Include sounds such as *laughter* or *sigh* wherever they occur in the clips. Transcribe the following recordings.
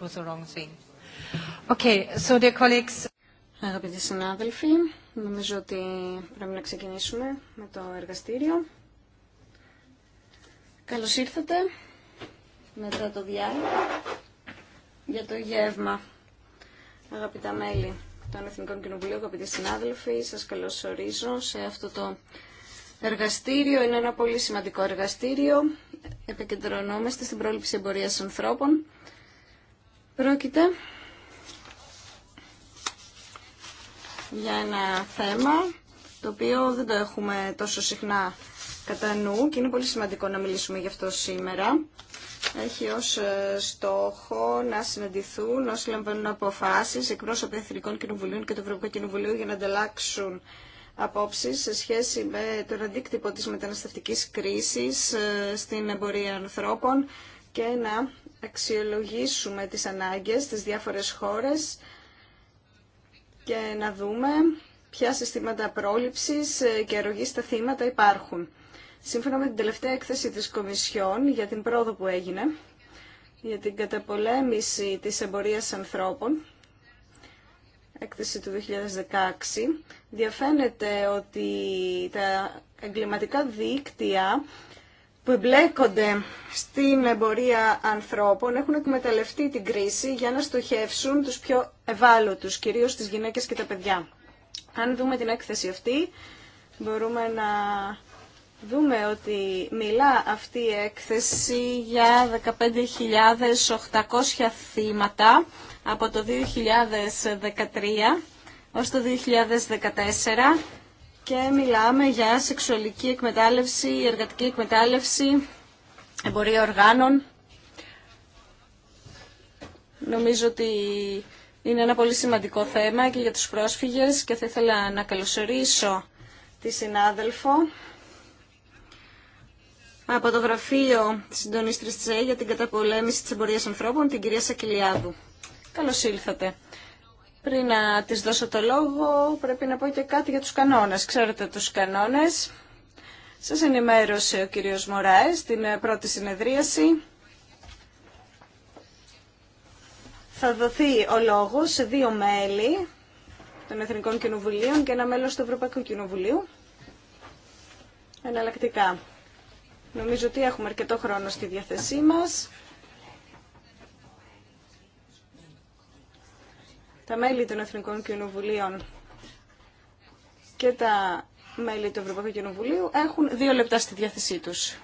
the wrong thing. Okay, so dear colleagues... Αγαπητοί συνάδελφοι, νομίζω ότι πρέπει να ξεκινήσουμε με το εργαστήριο. Καλώς ήρθατε μετά το διάλειμμα για το γεύμα. Αγαπητά μέλη των Εθνικών Κοινοβουλίων, αγαπητοί συνάδελφοι, σας καλωσορίζω σε αυτό το εργαστήριο. Είναι ένα πολύ σημαντικό εργαστήριο. Επικεντρωνόμαστε στην πρόληψη εμπορίας ανθρώπων Πρόκειται για ένα θέμα το οποίο δεν το έχουμε τόσο συχνά κατά νου και είναι πολύ σημαντικό να μιλήσουμε γι' αυτό σήμερα. Έχει ως ε, στόχο να συναντηθούν όσοι λαμβάνουν αποφάσεις εκπρόσωποι Εθνικών Κοινοβουλίων και του Ευρωπαϊκού Κοινοβουλίου για να ανταλλάξουν απόψεις σε σχέση με τον αντίκτυπο της μεταναστευτικής κρίσης ε, στην εμπορία ανθρώπων και να αξιολογήσουμε τις ανάγκες στις διάφορες χώρες και να δούμε ποια συστήματα πρόληψης και αρρωγής στα θύματα υπάρχουν. Σύμφωνα με την τελευταία έκθεση της Κομισιόν για την πρόοδο που έγινε, για την καταπολέμηση της εμπορίας ανθρώπων, έκθεση του 2016, διαφαίνεται ότι τα εγκληματικά δίκτυα που εμπλέκονται στην εμπορία ανθρώπων έχουν εκμεταλλευτεί την κρίση για να στοχεύσουν τους πιο ευάλωτους, κυρίως τις γυναίκες και τα παιδιά. Αν δούμε την έκθεση αυτή, μπορούμε να δούμε ότι μιλά αυτή η έκθεση για 15.800 θύματα από το 2013 ως το 2014 και μιλάμε για σεξουαλική εκμετάλλευση, εργατική εκμετάλλευση, εμπορία οργάνων. Νομίζω ότι είναι ένα πολύ σημαντικό θέμα και για τους πρόσφυγες και θα ήθελα να καλωσορίσω τη συνάδελφο από το γραφείο της συντονίστρης ΤΣΕ για την καταπολέμηση της εμπορίας ανθρώπων, την κυρία Σακυλιάδου. Καλώς ήλθατε. Πριν να της δώσω το λόγο, πρέπει να πω και κάτι για τους κανόνες. Ξέρετε τους κανόνες. Σας ενημέρωσε ο κύριος Μωράες την πρώτη συνεδρίαση. Θα δοθεί ο λόγος σε δύο μέλη των Εθνικών Κοινοβουλίων και ένα μέλος του Ευρωπαϊκού Κοινοβουλίου. Εναλλακτικά. Νομίζω ότι έχουμε αρκετό χρόνο στη διάθεσή μας. τα μέλη των Εθνικών Κοινοβουλίων και τα μέλη του Ευρωπαϊκού Κοινοβουλίου έχουν δύο λεπτά στη διάθεσή τους.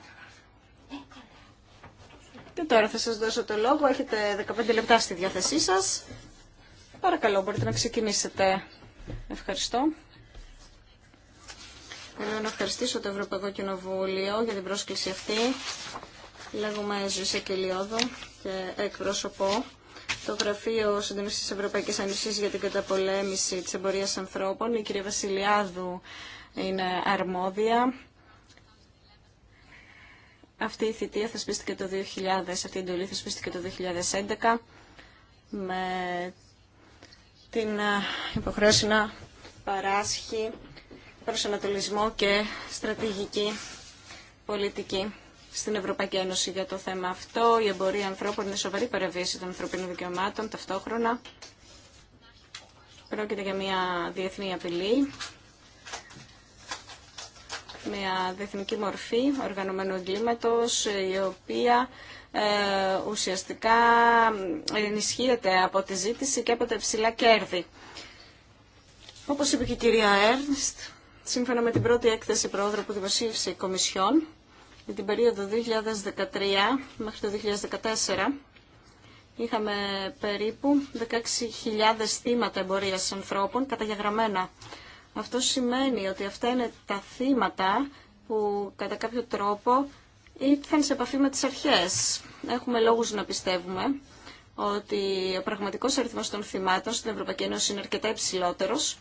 Και τώρα θα σας δώσω το λόγο. Έχετε 15 λεπτά στη διάθεσή σας. Παρακαλώ, μπορείτε να ξεκινήσετε. Ευχαριστώ. Θέλω να ευχαριστήσω το Ευρωπαϊκό Κοινοβούλιο για την πρόσκληση αυτή. Λέγομαι Ζουσέ Κελιόδο και εκπρόσωπο το Γραφείο Συντονιστής της Ευρωπαϊκής Ένωσης για την καταπολέμηση της εμπορίας ανθρώπων. Η κυρία Βασιλιάδου είναι αρμόδια. Αυτή η θητεία θεσπίστηκε το 2000, αυτή η εντολή θεσπίστηκε το 2011 με την ε, υποχρέωση να παράσχει προσανατολισμό και στρατηγική πολιτική στην Ευρωπαϊκή Ένωση για το θέμα αυτό. Η εμπορία ανθρώπων είναι σοβαρή παραβίαση των ανθρωπίνων δικαιωμάτων ταυτόχρονα. Πρόκειται για μια διεθνή απειλή, μια διεθνική μορφή οργανωμένου εγκλήματος, η οποία ε, ουσιαστικά ενισχύεται από τη ζήτηση και από τα υψηλά κέρδη. Όπως είπε και η κυρία Έρνστ, σύμφωνα με την πρώτη έκθεση πρόοδου που δημοσίευσε η Κομισιόν, για την περίοδο 2013 μέχρι το 2014 είχαμε περίπου 16.000 θύματα εμπορίας ανθρώπων καταγεγραμμένα. Αυτό σημαίνει ότι αυτά είναι τα θύματα που κατά κάποιο τρόπο ήρθαν σε επαφή με τις αρχές. Έχουμε λόγους να πιστεύουμε ότι ο πραγματικός αριθμός των θυμάτων στην Ευρωπαϊκή Ένωση είναι αρκετά υψηλότερος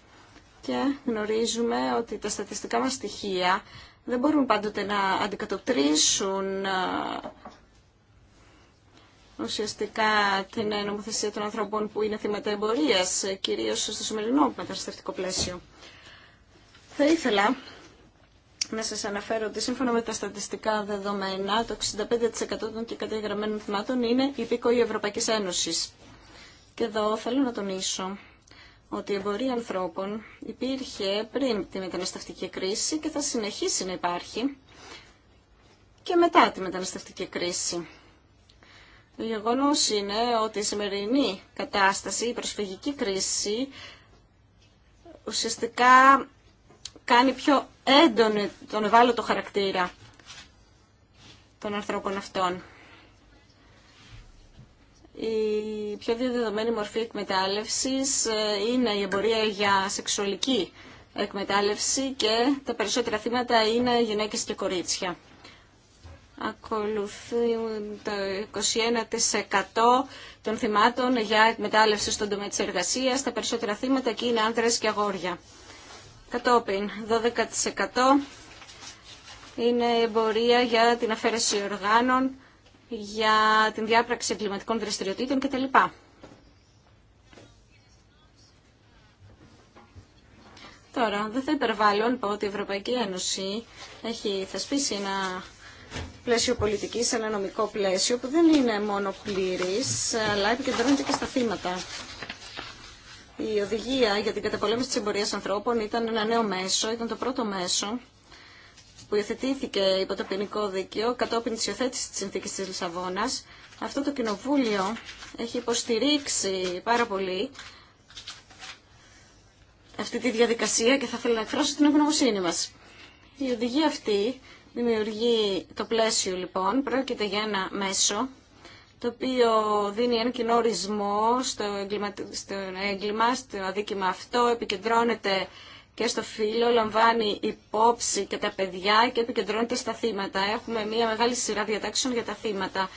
και γνωρίζουμε ότι τα στατιστικά μας στοιχεία δεν μπορούν πάντοτε να αντικατοπτρίσουν ουσιαστικά την νομοθεσία των ανθρώπων που είναι θύματα εμπορία, κυρίω στο σημερινό μεταναστευτικό πλαίσιο. Θα ήθελα να σας αναφέρω ότι σύμφωνα με τα στατιστικά δεδομένα, το 65% των και θυμάτων είναι υπήκοοι Ευρωπαϊκής Ένωσης. Και εδώ θέλω να τονίσω ότι η εμπορία ανθρώπων υπήρχε πριν τη μεταναστευτική κρίση και θα συνεχίσει να υπάρχει και μετά τη μεταναστευτική κρίση. Το γεγονό είναι ότι η σημερινή κατάσταση, η προσφυγική κρίση, ουσιαστικά κάνει πιο έντονη τον ευάλωτο χαρακτήρα των ανθρώπων αυτών η πιο διαδεδομένη μορφή εκμετάλλευσης ε, είναι η εμπορία για σεξουαλική εκμετάλλευση και τα περισσότερα θύματα είναι γυναίκες και κορίτσια. Ακολουθούν το 21% των θυμάτων για εκμετάλλευση στον τομέα της εργασίας. Τα περισσότερα θύματα εκεί είναι άνδρες και αγόρια. Κατόπιν, 12% είναι εμπορία για την αφαίρεση οργάνων για την διάπραξη εγκληματικών δραστηριοτήτων κτλ. Τώρα, δεν θα υπερβάλλω να πω ότι η Ευρωπαϊκή Ένωση έχει θεσπίσει ένα πλαίσιο πολιτική, ένα νομικό πλαίσιο που δεν είναι μόνο πλήρη, αλλά επικεντρώνεται και στα θύματα. Η οδηγία για την καταπολέμηση της εμπορία ανθρώπων ήταν ένα νέο μέσο, ήταν το πρώτο μέσο που υιοθετήθηκε υπό το ποινικό δίκαιο κατόπιν της υιοθέτηση της συνθήκης της Λισαβόνας, αυτό το κοινοβούλιο έχει υποστηρίξει πάρα πολύ αυτή τη διαδικασία και θα ήθελα να εκφράσω την ευγνωμοσύνη μας. Η οδηγία αυτή δημιουργεί το πλαίσιο λοιπόν, πρόκειται για ένα μέσο το οποίο δίνει ένα κοινό ορισμό στο στο, έγκλημα, στο αδίκημα αυτό, επικεντρώνεται και στο φύλλο λαμβάνει υπόψη και τα παιδιά και επικεντρώνεται στα θύματα. Έχουμε μια μεγάλη σειρά διατάξεων για τα θύματα.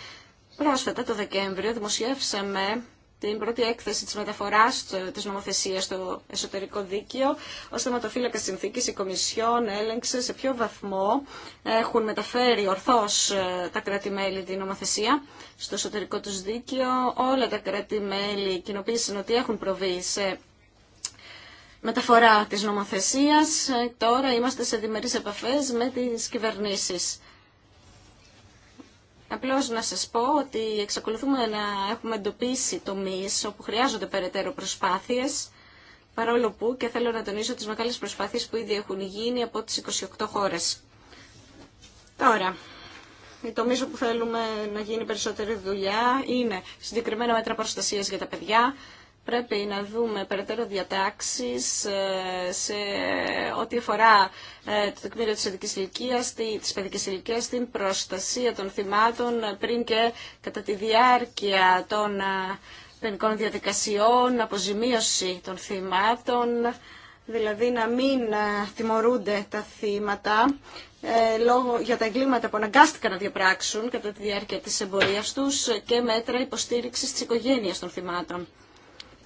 Πρόσφατα το Δεκέμβριο δημοσιεύσαμε την πρώτη έκθεση της μεταφοράς της νομοθεσίας στο εσωτερικό δίκαιο. Ω θεματοφύλακα συνθήκης η Κομισιόν έλεγξε σε ποιο βαθμό έχουν μεταφέρει ορθώς ε, τα κράτη-μέλη την νομοθεσία στο εσωτερικό τους δίκαιο. Όλα τα κράτη-μέλη κοινοποίησαν ότι έχουν προβεί σε μεταφορά της νομοθεσίας. Ε, τώρα είμαστε σε διμερείς επαφές με τις κυβερνήσεις. Απλώς να σας πω ότι εξακολουθούμε να έχουμε εντοπίσει τομείς όπου χρειάζονται περαιτέρω προσπάθειες, παρόλο που και θέλω να τονίσω τις μεγάλες προσπάθειες που ήδη έχουν γίνει από τις 28 χώρες. Τώρα, οι τομείς όπου θέλουμε να γίνει περισσότερη δουλειά είναι συγκεκριμένα μέτρα προστασίας για τα παιδιά, πρέπει να δούμε περαιτέρω διατάξεις ε, σε ό,τι αφορά ε, το τεκμήριο της παιδικής ηλικίας, της παιδικής ηλικίας, την προστασία των θυμάτων ε, πριν και κατά τη διάρκεια των ποινικών διαδικασιών, αποζημίωση των θυμάτων, δηλαδή να μην τιμωρούνται τα θύματα λόγω για τα εγκλήματα που αναγκάστηκαν να διαπράξουν κατά τη διάρκεια της εμπορίας τους και μέτρα υποστήριξης της οικογένειας των θυμάτων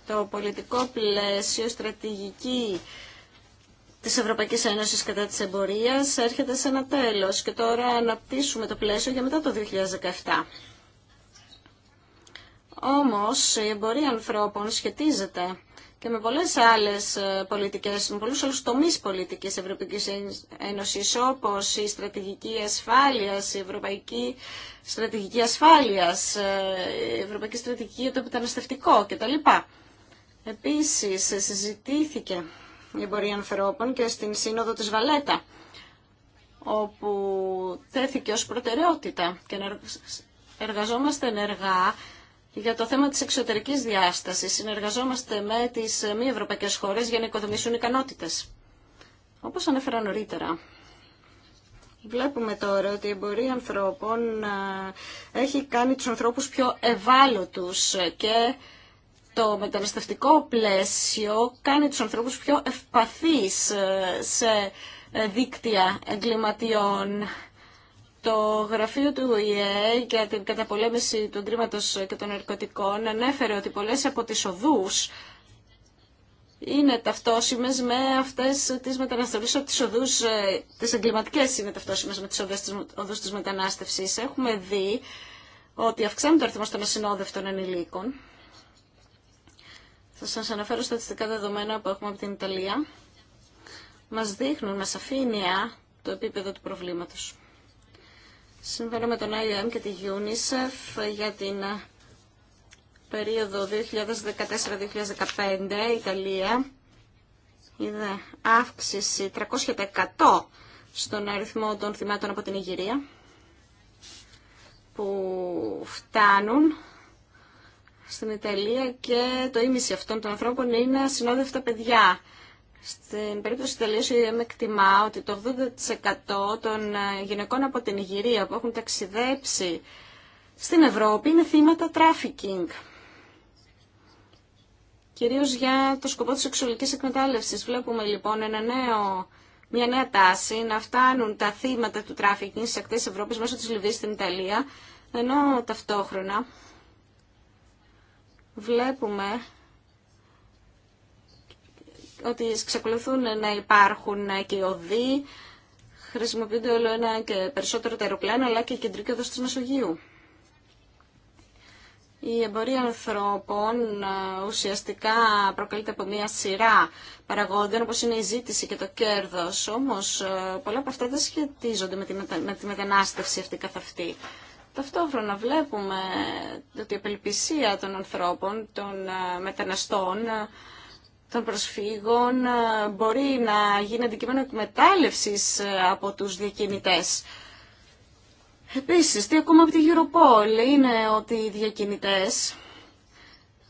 το πολιτικό πλαίσιο στρατηγική της Ευρωπαϊκής Ένωσης κατά της εμπορίας έρχεται σε ένα τέλος και τώρα αναπτύσσουμε το πλαίσιο για μετά το 2017. Όμως η εμπορία ανθρώπων σχετίζεται και με πολλές άλλες ε, πολιτικές, με πολλούς άλλους τομείς πολιτικής Ευρωπαϊκής Ένωσης, όπως η στρατηγική ασφάλειας, η ευρωπαϊκή στρατηγική ασφάλειας, ε, η ευρωπαϊκή στρατηγική για το επιταναστευτικό κτλ. Επίσης, συζητήθηκε η εμπορία ανθρώπων και στην Σύνοδο της Βαλέτα, όπου τέθηκε ως προτεραιότητα και εργαζόμαστε ενεργά για το θέμα της εξωτερικής διάστασης. Συνεργαζόμαστε με τις μη ευρωπαϊκές χώρες για να οικοδομήσουν ικανότητες. Όπως ανέφερα νωρίτερα, Βλέπουμε τώρα ότι η εμπορία ανθρώπων ε, έχει κάνει τους ανθρώπους πιο ευάλωτους και το μεταναστευτικό πλαίσιο κάνει τους ανθρώπους πιο ευπαθείς ε, σε ε, δίκτυα εγκληματιών. Το γραφείο του ΟΗΕ για την καταπολέμηση του εγκλήματος και των ναρκωτικών ανέφερε ότι πολλές από τις οδούς είναι ταυτόσιμες με αυτές τις μεταναστευτικές από τις οδούς, ε, τις εγκληματικές είναι ταυτόσιμες με τις οδούς της μετανάστευσης. Έχουμε δει ότι αυξάνεται το αριθμό των ασυνόδευτων ενηλίκων θα σας αναφέρω στατιστικά δεδομένα που έχουμε από την Ιταλία. Μας δείχνουν με σαφήνεια το επίπεδο του προβλήματος. Σύμφωνα με τον IOM και τη UNICEF για την περίοδο 2014-2015 η Ιταλία είδε αύξηση 300% στον αριθμό των θυμάτων από την Ιγυρία που φτάνουν στην Ιταλία και το ίμιση αυτών των ανθρώπων είναι ασυνόδευτα παιδιά. Στην περίπτωση της Ιταλίας με εκτιμά ότι το 80% των ε, γυναικών από την Ιγυρία που έχουν ταξιδέψει στην Ευρώπη είναι θύματα τράφικινγκ. Κυρίως για το σκοπό της σεξουαλικής εκμετάλλευσης. Βλέπουμε λοιπόν ένα νέο μια νέα τάση να φτάνουν τα θύματα του τράφικινγκ στι ακτέ Ευρώπη μέσω τη Λιβύη στην Ιταλία, ενώ ταυτόχρονα βλέπουμε ότι εξακολουθούν να υπάρχουν και οδοί, χρησιμοποιούνται όλο ένα και περισσότερο τα αεροπλάνα, αλλά και η κεντρική οδός της Μεσογείου. Η εμπορία ανθρώπων ε, ουσιαστικά προκαλείται από μια σειρά παραγόντων, όπως είναι η ζήτηση και το κέρδος. Όμως ε, πολλά από αυτά δεν σχετίζονται με τη μετανάστευση αυτή καθ' αυτή. Ταυτόχρονα βλέπουμε ότι η απελπισία των ανθρώπων, των ε, μεταναστών, ε, των προσφύγων ε, μπορεί να γίνει αντικείμενο εκμετάλλευση από τους διακινητές. Επίσης, τι ακόμα από τη Europol είναι ότι οι διακινητές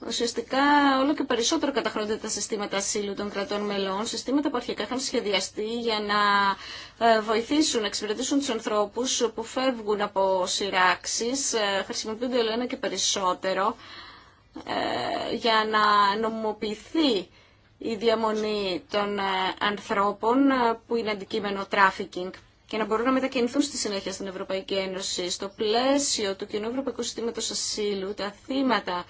Ουσιαστικά όλο και περισσότερο καταχρώνται τα συστήματα ασύλου των κρατών μελών, συστήματα που αρχικά είχαν σχεδιαστεί για να ε, βοηθήσουν, να εξυπηρετήσουν τους ανθρώπους που φεύγουν από σειράξεις, ε, χρησιμοποιούνται όλο ένα και περισσότερο ε, για να νομοποιηθεί η διαμονή των ανθρώπων που είναι αντικείμενο τράφικινγκ και να μπορούν να μετακινηθούν στη συνέχεια στην Ευρωπαϊκή Ένωση. Στο πλαίσιο του κοινού ευρωπαϊκού συστήματος ασύλου, τα θύματα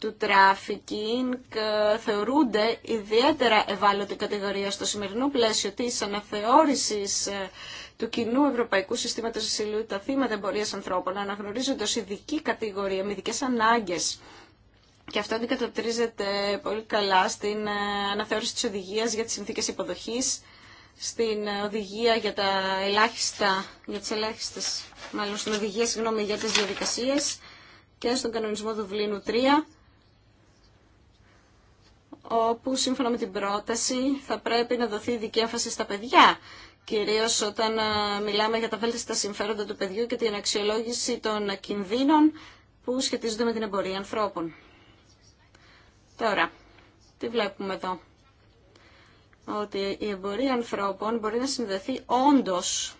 του τράφικινγκ ε, θεωρούνται ιδιαίτερα ευάλωτη κατηγορία στο σημερινό πλαίσιο της αναθεώρησης ε, του κοινού Ευρωπαϊκού Συστήματος Ασυλίου τα θύματα εμπορία ανθρώπων αναγνωρίζονται ω ειδική κατηγορία με ειδικέ ανάγκες. Και αυτό αντικατοπτρίζεται πολύ καλά στην ε, αναθεώρηση της οδηγίας για τις συνθήκες υποδοχής, στην οδηγία για τα ελάχιστα, για τις ελάχιστες, μάλλον στην οδηγία, συγγνώμη, για τις διαδικασίες και στον κανονισμό του Βλήνου 3 όπου σύμφωνα με την πρόταση θα πρέπει να δοθεί δική έμφαση στα παιδιά κυρίως όταν ε, μιλάμε για τα βέλτιστα συμφέροντα του παιδιού και την αξιολόγηση των κινδύνων που σχετίζονται με την εμπορία ανθρώπων. Τώρα, τι βλέπουμε εδώ. Ότι η εμπορία ανθρώπων μπορεί να συνδεθεί όντως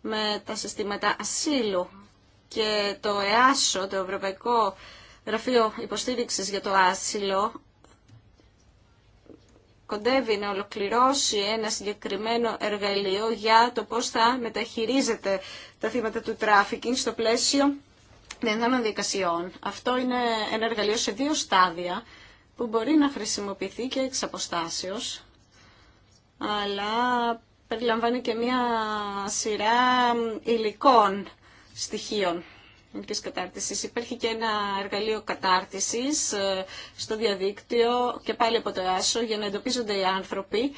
με τα συστήματα ασύλου και το ΕΑΣΟ, το Ευρωπαϊκό Γραφείο Υποστήριξης για το Άσυλο, κοντεύει να ολοκληρώσει ένα συγκεκριμένο εργαλείο για το πώς θα μεταχειρίζεται τα θύματα του τράφικινγκ στο πλαίσιο διεθνών διαδικασιών. Αυτό είναι ένα εργαλείο σε δύο στάδια που μπορεί να χρησιμοποιηθεί και εξ αποστάσεως, αλλά περιλαμβάνει και μια σειρά υλικών στοιχείων κατάρτισης. Υπάρχει και ένα εργαλείο κατάρτισης ε, στο διαδίκτυο και πάλι από το ΆΣΟ για να εντοπίζονται οι άνθρωποι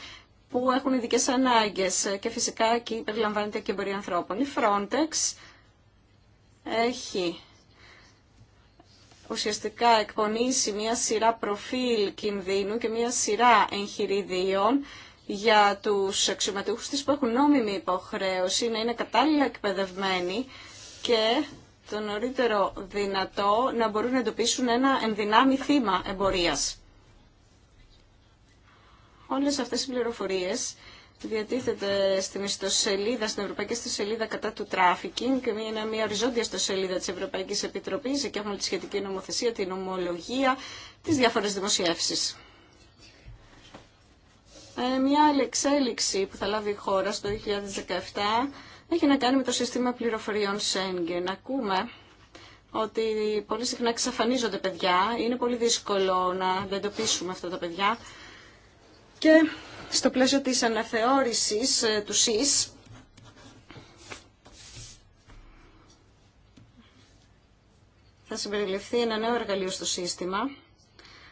που έχουν ειδικέ ανάγκες ε, και φυσικά εκεί περιλαμβάνεται και εμπορία ανθρώπων. Η Frontex έχει ουσιαστικά εκπονήσει μια σειρά προφίλ κινδύνου και μια σειρά εγχειριδίων για τους αξιωματούχους της που έχουν νόμιμη υποχρέωση να είναι κατάλληλα εκπαιδευμένοι και το νωρίτερο δυνατό να μπορούν να εντοπίσουν ένα ενδυνάμει θύμα εμπορίας. Όλες αυτές οι πληροφορίες διατίθεται στην ιστοσελίδα, στην Ευρωπαϊκή Ιστοσελίδα κατά του τράφικινγκ και είναι μια οριζόντια ιστοσελίδα της Ευρωπαϊκής Επιτροπής. Εκεί έχουμε τη σχετική νομοθεσία, την ομολογία, τις διάφορες δημοσιεύσεις. Ε, μια άλλη εξέλιξη που θα λάβει η χώρα στο 2017 έχει να κάνει με το σύστημα πληροφοριών Schengen. Ακούμε ότι πολύ συχνά εξαφανίζονται παιδιά. Είναι πολύ δύσκολο να εντοπίσουμε αυτά τα παιδιά. Και στο πλαίσιο της αναθεώρησης ε, του ΣΥΣ, θα συμπεριληφθεί ένα νέο εργαλείο στο σύστημα,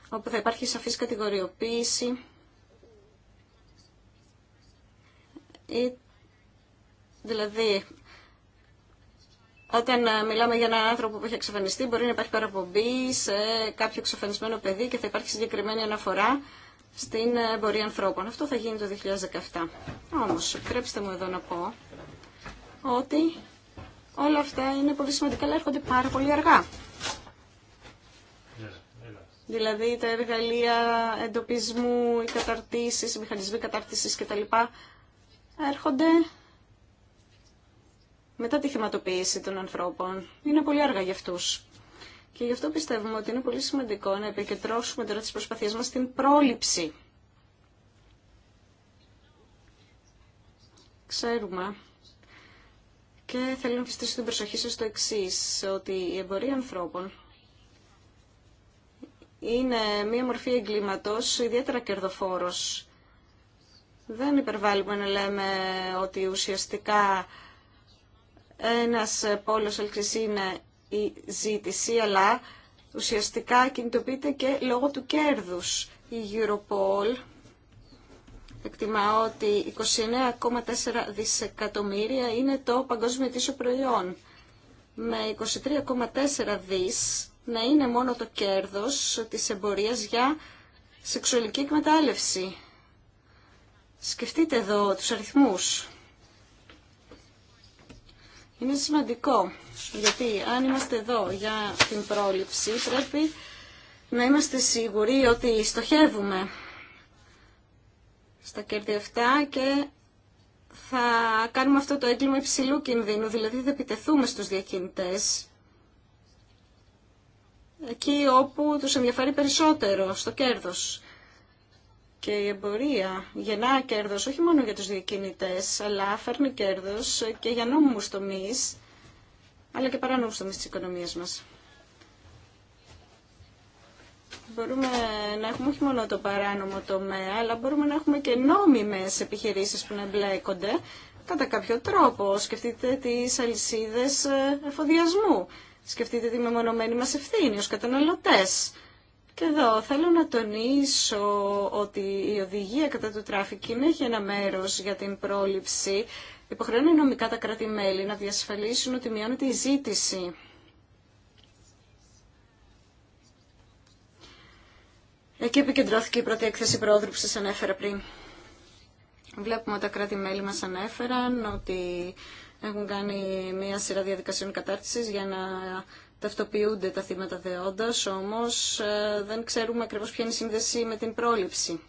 όπου θα υπάρχει σαφής κατηγοριοποίηση Δηλαδή, όταν ε, μιλάμε για έναν άνθρωπο που έχει εξαφανιστεί, μπορεί να υπάρχει παραπομπή σε κάποιο εξαφανισμένο παιδί και θα υπάρχει συγκεκριμένη αναφορά στην εμπορία ανθρώπων. Αυτό θα γίνει το 2017. Όμως, επιτρέψτε μου εδώ να πω ότι όλα αυτά είναι πολύ σημαντικά, αλλά έρχονται πάρα πολύ αργά. Δηλαδή τα εργαλεία εντοπισμού, οι καταρτήσεις, οι μηχανισμοί κατάρτισης κτλ. έρχονται μετά τη χρηματοποίηση των ανθρώπων. Είναι πολύ αργά για αυτούς. Και γι' αυτό πιστεύουμε ότι είναι πολύ σημαντικό να επικεντρώσουμε τώρα τις προσπαθίες μας στην πρόληψη. Ξέρουμε και θέλω να πιστήσω την προσοχή σας στο εξή ότι η εμπορία ανθρώπων είναι μία μορφή εγκλήματος, ιδιαίτερα κερδοφόρος. Δεν υπερβάλλουμε να λέμε ότι ουσιαστικά ένας πόλος έλξης είναι η ζήτηση, αλλά ουσιαστικά κινητοποιείται και λόγω του κέρδους. Η Europol εκτιμά ότι 29,4 δισεκατομμύρια είναι το παγκόσμιο ετήσιο προϊόν. Με 23,4 δις να είναι μόνο το κέρδος της εμπορίας για σεξουαλική εκμετάλλευση. Σκεφτείτε εδώ τους αριθμούς. Είναι σημαντικό, γιατί αν είμαστε εδώ για την πρόληψη, πρέπει να είμαστε σίγουροι ότι στοχεύουμε στα κέρδη αυτά και θα κάνουμε αυτό το έγκλημα υψηλού κινδύνου, δηλαδή θα επιτεθούμε στους διακινητές εκεί όπου τους ενδιαφέρει περισσότερο στο κέρδος και η εμπορία γεννά κέρδος όχι μόνο για τους διακινητές, αλλά φέρνει κέρδος και για νόμιμους τομείς, αλλά και παράνομους τομείς της οικονομίας μας. Μπορούμε να έχουμε όχι μόνο το παράνομο τομέα, αλλά μπορούμε να έχουμε και νόμιμες επιχειρήσεις που να εμπλέκονται κατά κάποιο τρόπο. Σκεφτείτε τις αλυσίδες ε, εφοδιασμού. Σκεφτείτε τη μεμονωμένη μας ευθύνη ως καταναλωτές και εδώ θέλω να τονίσω ότι η οδηγία κατά του τράφικιν έχει ένα μέρος για την πρόληψη. Υποχρεώνει νομικά τα κράτη-μέλη να διασφαλίσουν ότι μειώνεται η ζήτηση. Εκεί επικεντρώθηκε η πρώτη έκθεση πρόοδου που σας ανέφερα πριν. Βλέπουμε ότι τα κράτη-μέλη μας ανέφεραν ότι έχουν κάνει μία σειρά διαδικασιών κατάρτισης για να ταυτοποιούνται τα θύματα δεόντας, όμως ε, δεν ξέρουμε ακριβώς ποια είναι η σύνδεση με την πρόληψη.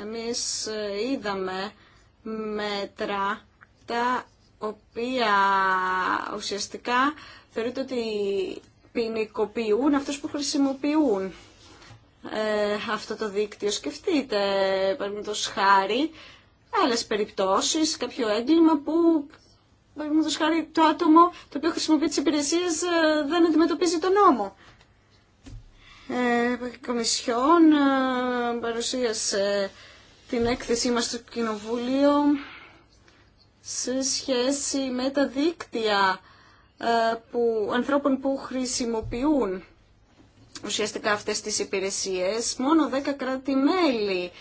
Εμείς ε, είδαμε μέτρα τα οποία ουσιαστικά θεωρείται ότι ποινικοποιούν αυτούς που χρησιμοποιούν ε, αυτό το δίκτυο. Σκεφτείτε, παραδείγματος χάρη, άλλες περιπτώσεις, κάποιο έγκλημα που Παραδείγματο χάρη το άτομο το οποίο χρησιμοποιεί τι υπηρεσίε ε, δεν αντιμετωπίζει τον νόμο. Ε, η Κομισιόν ε, παρουσίασε την έκθεσή μας στο Κοινοβούλιο σε σχέση με τα δίκτυα ε, που, ανθρώπων που χρησιμοποιούν ουσιαστικά αυτές τις υπηρεσίες. Μόνο 10 κράτη-μέλη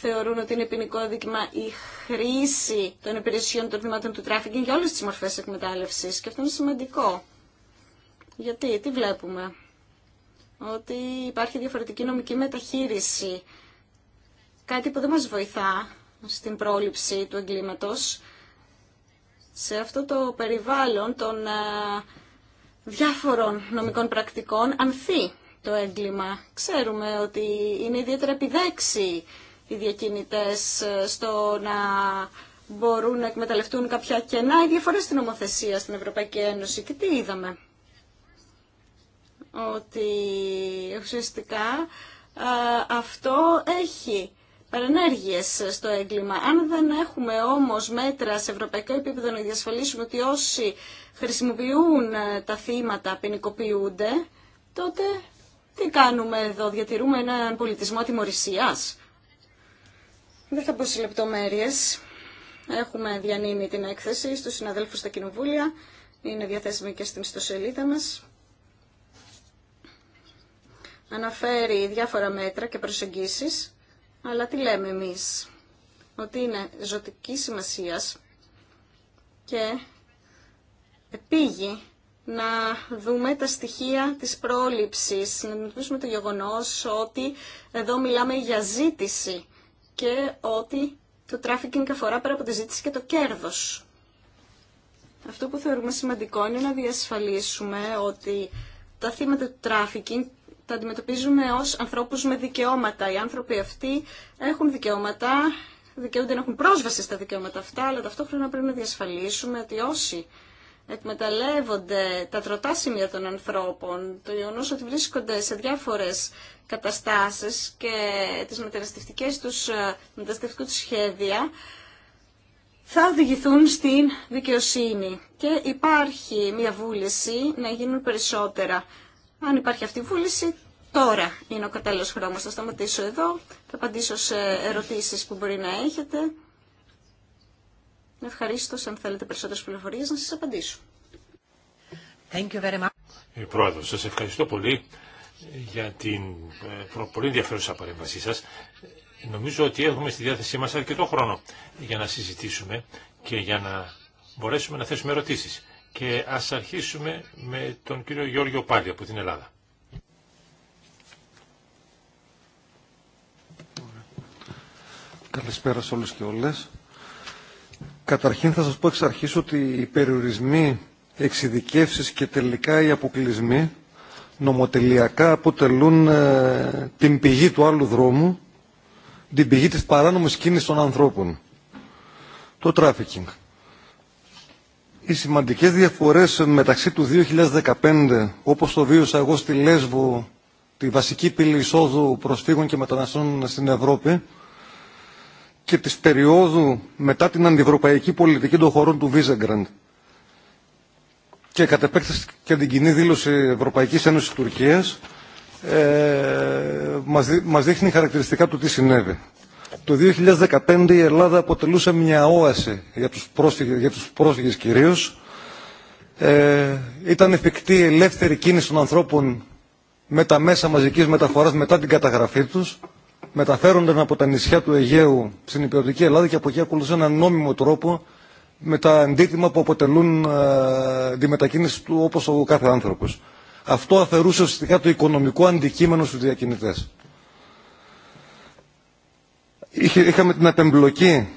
θεωρούν ότι είναι ποινικό αδίκημα η χρήση των υπηρεσιών των βήματων του τράφικινγκ για όλες τις μορφές εκμετάλλευσης. Και αυτό είναι σημαντικό. Γιατί, τι βλέπουμε. Ότι υπάρχει διαφορετική νομική μεταχείριση. Κάτι που δεν μας βοηθά στην πρόληψη του εγκλήματος. Σε αυτό το περιβάλλον των ε, διάφορων νομικών πρακτικών ανθεί το έγκλημα. Ξέρουμε ότι είναι ιδιαίτερα επιδέξη οι διακινητές ε, στο να μπορούν να εκμεταλλευτούν κάποια κενά ή διαφορές στην νομοθεσία στην Ευρωπαϊκή Ένωση. Και τι είδαμε. Ότι ουσιαστικά ε, αυτό έχει παρενέργειες στο έγκλημα. Αν δεν έχουμε όμως μέτρα σε ευρωπαϊκό επίπεδο να διασφαλίσουμε ότι όσοι χρησιμοποιούν ε, τα θύματα ποινικοποιούνται, τότε τι κάνουμε εδώ, διατηρούμε έναν πολιτισμό ατιμορρησίας. Δεν θα πω σε λεπτομέρειες. Έχουμε διανύμει την έκθεση στους συναδέλφου στα κοινοβούλια. Είναι διαθέσιμη και στην ιστοσελίδα μας. Αναφέρει διάφορα μέτρα και προσεγγίσεις, αλλά τι λέμε εμείς. Ότι είναι ζωτική σημασίας και επίγει να δούμε τα στοιχεία της πρόληψης, να δούμε το γεγονός ότι εδώ μιλάμε για ζήτηση και ότι το τράφικινγκ αφορά πέρα από τη ζήτηση και το κέρδος. Αυτό που θεωρούμε σημαντικό είναι να διασφαλίσουμε ότι τα θύματα του τράφικινγκ τα αντιμετωπίζουμε ως ανθρώπους με δικαιώματα. Οι άνθρωποι αυτοί έχουν δικαιώματα, δικαιούνται να έχουν πρόσβαση στα δικαιώματα αυτά, αλλά ταυτόχρονα πρέπει να διασφαλίσουμε ότι όσοι εκμεταλλεύονται τα τροτά σημεία των ανθρώπων, το γεγονό ότι βρίσκονται σε διάφορες καταστάσεις και τις μεταναστευτικές ε, τους, σχέδια, θα οδηγηθούν στην δικαιοσύνη. Και υπάρχει μια βούληση να γίνουν περισσότερα. Αν υπάρχει αυτή η βούληση, τώρα είναι ο κατάλληλος χρόνος. Θα σταματήσω εδώ, θα απαντήσω σε ερωτήσεις που μπορεί να έχετε. Ευχαρίστω, αν θέλετε περισσότερες πληροφορίες, να σας απαντήσω. Thank you ε, Πρόεδρο, σας ευχαριστώ πολύ για την ε, πολύ ενδιαφέρουσα παρέμβασή σας. Ε, νομίζω ότι έχουμε στη διάθεσή μας αρκετό χρόνο για να συζητήσουμε και για να μπορέσουμε να θέσουμε ερωτήσει. Και ας αρχίσουμε με τον κύριο Γιώργιο Πάλι από την Ελλάδα. Καλησπέρα σε όλους και όλες. Καταρχήν θα σας πω εξ αρχής ότι οι περιορισμοί, εξειδικεύσεις και τελικά οι αποκλεισμοί νομοτελειακά αποτελούν ε, την πηγή του άλλου δρόμου, την πηγή της παράνομης κίνησης των ανθρώπων. Το τράφικινγκ. Οι σημαντικές διαφορές μεταξύ του 2015, όπως το βίωσα εγώ στη Λέσβο, τη βασική πύλη εισόδου προσφύγων και μεταναστών στην Ευρώπη, και της περίοδου μετά την αντιευρωπαϊκή πολιτική των χωρών του Βίζεγκραντ και κατ' επέκταση και την κοινή δήλωση Ευρωπαϊκής Ένωσης Τουρκίας ε, μας, μας δείχνει χαρακτηριστικά του τι συνέβη. Το 2015 η Ελλάδα αποτελούσε μια όαση για τους πρόσφυγες, για τους πρόσφυγες κυρίως. Ε, ήταν εφικτή η ελεύθερη κίνηση των ανθρώπων με τα μέσα μαζικής μεταφοράς μετά την καταγραφή τους μεταφέρονταν από τα νησιά του Αιγαίου στην υπηρετική Ελλάδα και από εκεί ακολουθούσε έναν νόμιμο τρόπο με τα αντίτιμα που αποτελούν ε, τη μετακίνηση του όπως ο κάθε άνθρωπος. Αυτό αφαιρούσε ουσιαστικά το οικονομικό αντικείμενο στους διακινητές. Είχαμε την απεμπλοκή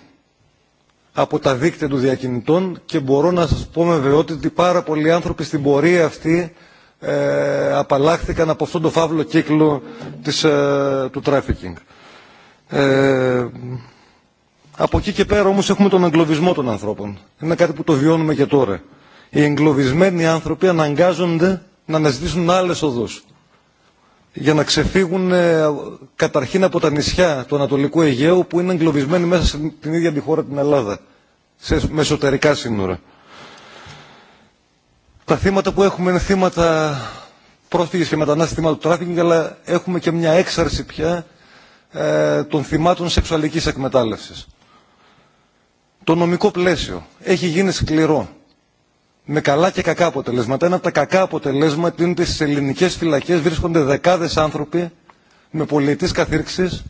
από τα δίκτυα των διακινητών και μπορώ να σας πω με βεβαιότητα ότι πάρα πολλοί άνθρωποι στην πορεία αυτή ε, απαλλάχθηκαν από αυτόν τον φαύλο κύκλο της, ε, του τράφικινγκ. Ε, από εκεί και πέρα όμως έχουμε τον εγκλωβισμό των ανθρώπων. Είναι κάτι που το βιώνουμε και τώρα. Οι εγκλωβισμένοι άνθρωποι αναγκάζονται να αναζητήσουν άλλες οδούς για να ξεφύγουν ε, καταρχήν από τα νησιά του Ανατολικού Αιγαίου που είναι εγκλωβισμένοι μέσα στην ίδια τη χώρα την Ελλάδα, σε, με εσωτερικά σύνορα. Τα θύματα που έχουμε είναι θύματα πρόσφυγες και μετανάστες θύματα του τράφικινγκ, αλλά έχουμε και μια έξαρση πια ε, των θυμάτων σεξουαλικής εκμετάλλευσης. Το νομικό πλαίσιο έχει γίνει σκληρό. Με καλά και κακά αποτελέσματα. Ένα από τα κακά αποτελέσματα είναι ότι στις ελληνικές φυλακές βρίσκονται δεκάδες άνθρωποι με πολιτής καθήρξης,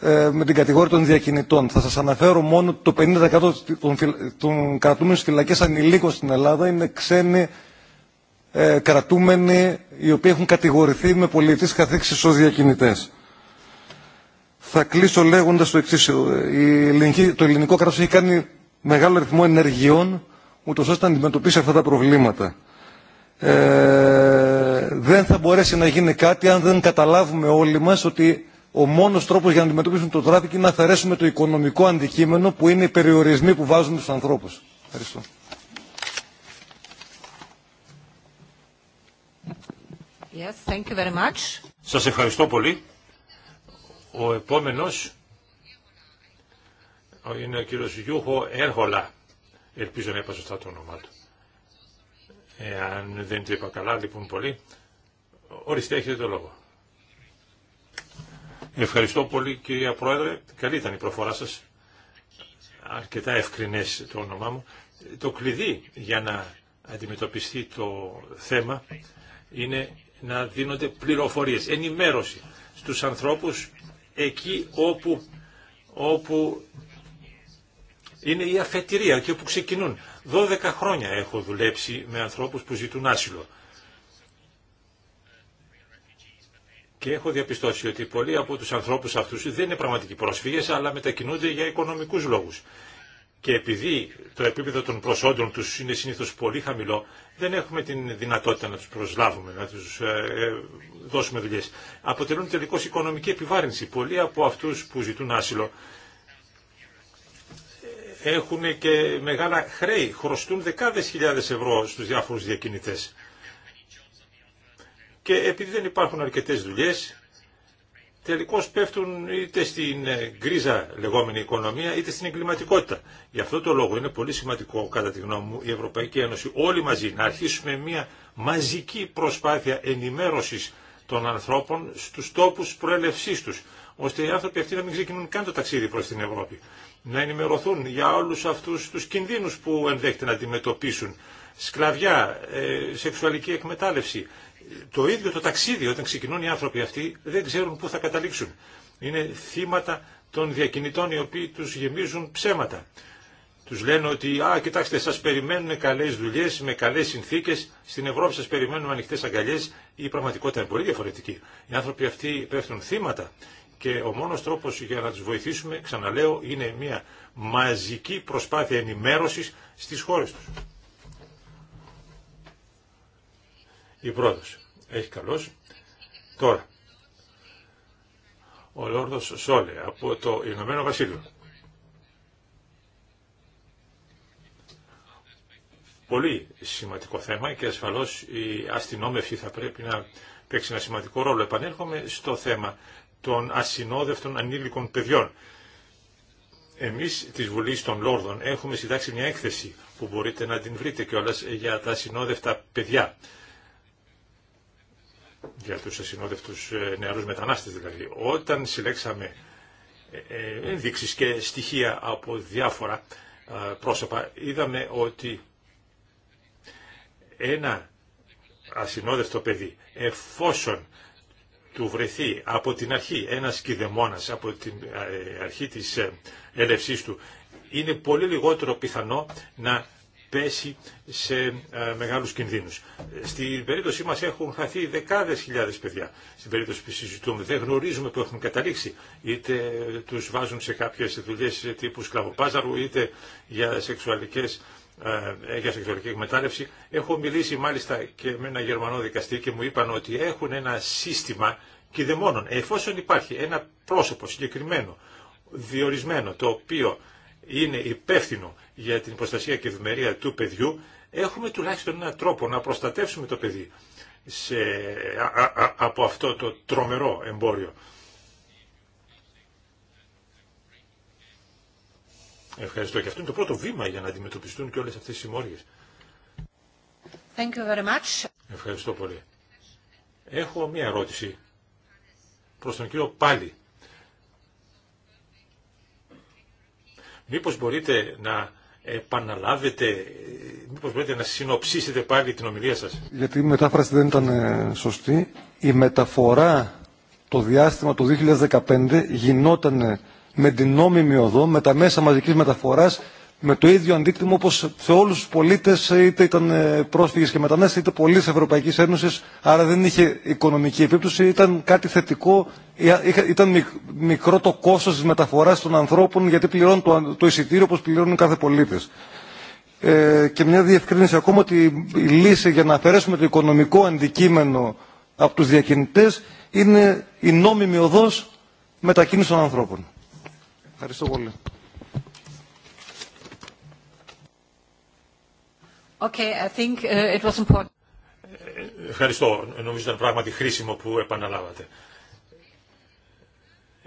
ε, με την κατηγορία των διακινητών. Θα σας αναφέρω μόνο ότι το 50% των, των κρατούμενων στις φυλακές ανηλίκων στην Ελλάδα είναι ξένοι ε, κρατούμενοι οι οποίοι έχουν κατηγορηθεί με πολιτικές καθήξεις ως διακινητές. Θα κλείσω λέγοντας το εξής. Ε, το ελληνικό κράτος έχει κάνει μεγάλο αριθμό ενεργειών ούτως ώστε να αντιμετωπίσει αυτά τα προβλήματα. Ε, δεν θα μπορέσει να γίνει κάτι αν δεν καταλάβουμε όλοι μας ότι ο μόνος τρόπος για να αντιμετωπίσουμε το τράφικ είναι να αφαιρέσουμε το οικονομικό αντικείμενο που είναι οι περιορισμοί που βάζουμε στους ανθρώπους. Ευχαριστώ. Yes, thank you very much. Σας ευχαριστώ πολύ. Ο επόμενος είναι ο κύριος Γιούχο Έρχολα. Ελπίζω να είπα σωστά το όνομά του. Εάν δεν το είπα καλά, λοιπόν, πολύ. Ορίστε, το λόγο. Ευχαριστώ πολύ κυρία Πρόεδρε. Καλή ήταν η προφορά σας. Αρκετά ευκρινές το όνομά μου. Το κλειδί για να αντιμετωπιστεί το θέμα είναι να δίνονται πληροφορίες, ενημέρωση στους ανθρώπους εκεί όπου, όπου είναι η αφετηρία και όπου ξεκινούν. 12 χρόνια έχω δουλέψει με ανθρώπους που ζητούν άσυλο. Και έχω διαπιστώσει ότι πολλοί από τους ανθρώπους αυτούς δεν είναι πραγματικοί πρόσφυγες, αλλά μετακινούνται για οικονομικούς λόγους. Και επειδή το επίπεδο των προσόντων τους είναι συνήθως πολύ χαμηλό, δεν έχουμε την δυνατότητα να τους προσλάβουμε, να τους ε, ε, δώσουμε δουλειές. Αποτελούν τελικώς οικονομική επιβάρυνση. Πολλοί από αυτούς που ζητούν άσυλο ε, έχουν και μεγάλα χρέη, χρωστούν δεκάδες χιλιάδες ευρώ στους διάφορους διακινητές και επειδή δεν υπάρχουν αρκετές δουλειές τελικώς πέφτουν είτε στην ε, γκρίζα λεγόμενη οικονομία είτε στην εγκληματικότητα. Γι' αυτό το λόγο είναι πολύ σημαντικό κατά τη γνώμη μου η Ευρωπαϊκή Ένωση όλοι μαζί να αρχίσουμε μια μαζική προσπάθεια ενημέρωσης των ανθρώπων στους τόπους προέλευσής τους ώστε οι άνθρωποι αυτοί να μην ξεκινούν καν το ταξίδι προς την Ευρώπη. Να ενημερωθούν για όλους αυτούς τους κινδύνους που ενδέχεται να αντιμετωπίσουν. Σκλαβιά, ε, σεξουαλική εκμετάλλευση, το ίδιο το ταξίδι όταν ξεκινούν οι άνθρωποι αυτοί δεν ξέρουν πού θα καταλήξουν. Είναι θύματα των διακινητών οι οποίοι τους γεμίζουν ψέματα. Τους λένε ότι «Α, κοιτάξτε, σας περιμένουν καλές δουλειές, με καλές συνθήκες, στην Ευρώπη σας περιμένουν ανοιχτές αγκαλιές». Η πραγματικότητα είναι πολύ διαφορετική. Οι άνθρωποι αυτοί πέφτουν θύματα και ο μόνος τρόπος για να τους βοηθήσουμε, ξαναλέω, είναι μια μαζική προσπάθεια ενημέρωσης στις χώρες τους. Η πρόταση. Έχει καλώ. Τώρα, ο Λόρδος Σόλε από το Ηνωμένο Βασίλειο. Πολύ σημαντικό θέμα και ασφαλώς η αστυνόμευση θα πρέπει να παίξει ένα σημαντικό ρόλο. Επανέρχομαι στο θέμα των ασυνόδευτων ανήλικων παιδιών. Εμείς της Βουλής των Λόρδων έχουμε συντάξει μια έκθεση που μπορείτε να την βρείτε κιόλας για τα ασυνόδευτα παιδιά για τους ασυνόδευτους ε, νεαρούς μετανάστες δηλαδή. Όταν συλλέξαμε ε, ε, ενδείξει και στοιχεία από διάφορα πρόσωπα, είδαμε ότι ένα ασυνόδευτο παιδί, εφόσον του βρεθεί από την αρχή ένας κηδεμόνας, από την αρχή της έλευσής του, είναι πολύ λιγότερο πιθανό να πέσει σε ε, μεγάλους κινδύνους. Στην περίπτωσή μας έχουν χαθεί δεκάδες χιλιάδες παιδιά. Στην περίπτωση που συζητούμε δεν γνωρίζουμε που έχουν καταλήξει. Είτε τους βάζουν σε κάποιες δουλειές τύπου σκλαβοπάζαρου, είτε για σεξουαλικές ε, για σεξουαλική εκμετάλλευση. Έχω μιλήσει μάλιστα και με ένα Γερμανό δικαστή και μου είπαν ότι έχουν ένα σύστημα και μόνον. Εφόσον υπάρχει ένα πρόσωπο συγκεκριμένο, διορισμένο, το οποίο είναι υπεύθυνο για την προστασία και ευημερία του παιδιού, έχουμε τουλάχιστον έναν τρόπο να προστατεύσουμε το παιδί σε, από αυτό το τρομερό εμπόριο. Ευχαριστώ. Και αυτό είναι το πρώτο βήμα για να αντιμετωπιστούν και όλες αυτές οι συμμόριες. Ευχαριστώ πολύ. Έχω μία ερώτηση προς τον κύριο Πάλι. Μήπως μπορείτε να επαναλάβετε, μήπως μπορείτε να συνοψίσετε πάλι την ομιλία σας. Γιατί η μετάφραση δεν ήταν ε, σωστή. Η μεταφορά το διάστημα του 2015 γινόταν με την νόμιμη οδό, με τα μέσα μαζικής μεταφοράς με το ίδιο αντίκτυπο όπως σε όλους τους πολίτες, είτε ήταν ε, πρόσφυγες και μετανάστες, είτε πολίτες Ευρωπαϊκής Ένωσης, άρα δεν είχε οικονομική επίπτωση, ήταν κάτι θετικό, ήταν μικρό το κόστος της μεταφοράς των ανθρώπων, γιατί πληρώνουν το εισιτήριο όπως πληρώνουν κάθε πολίτης. Ε, και μια διευκρίνηση ακόμα ότι η λύση για να αφαιρέσουμε το οικονομικό αντικείμενο από τους διακινητές είναι η νόμιμη οδός μετακίνηση των ανθρώπων. Ευχαριστώ πολύ. Uh, Ευχαριστώ. Νομίζω ήταν πράγματι χρήσιμο που επαναλάβατε.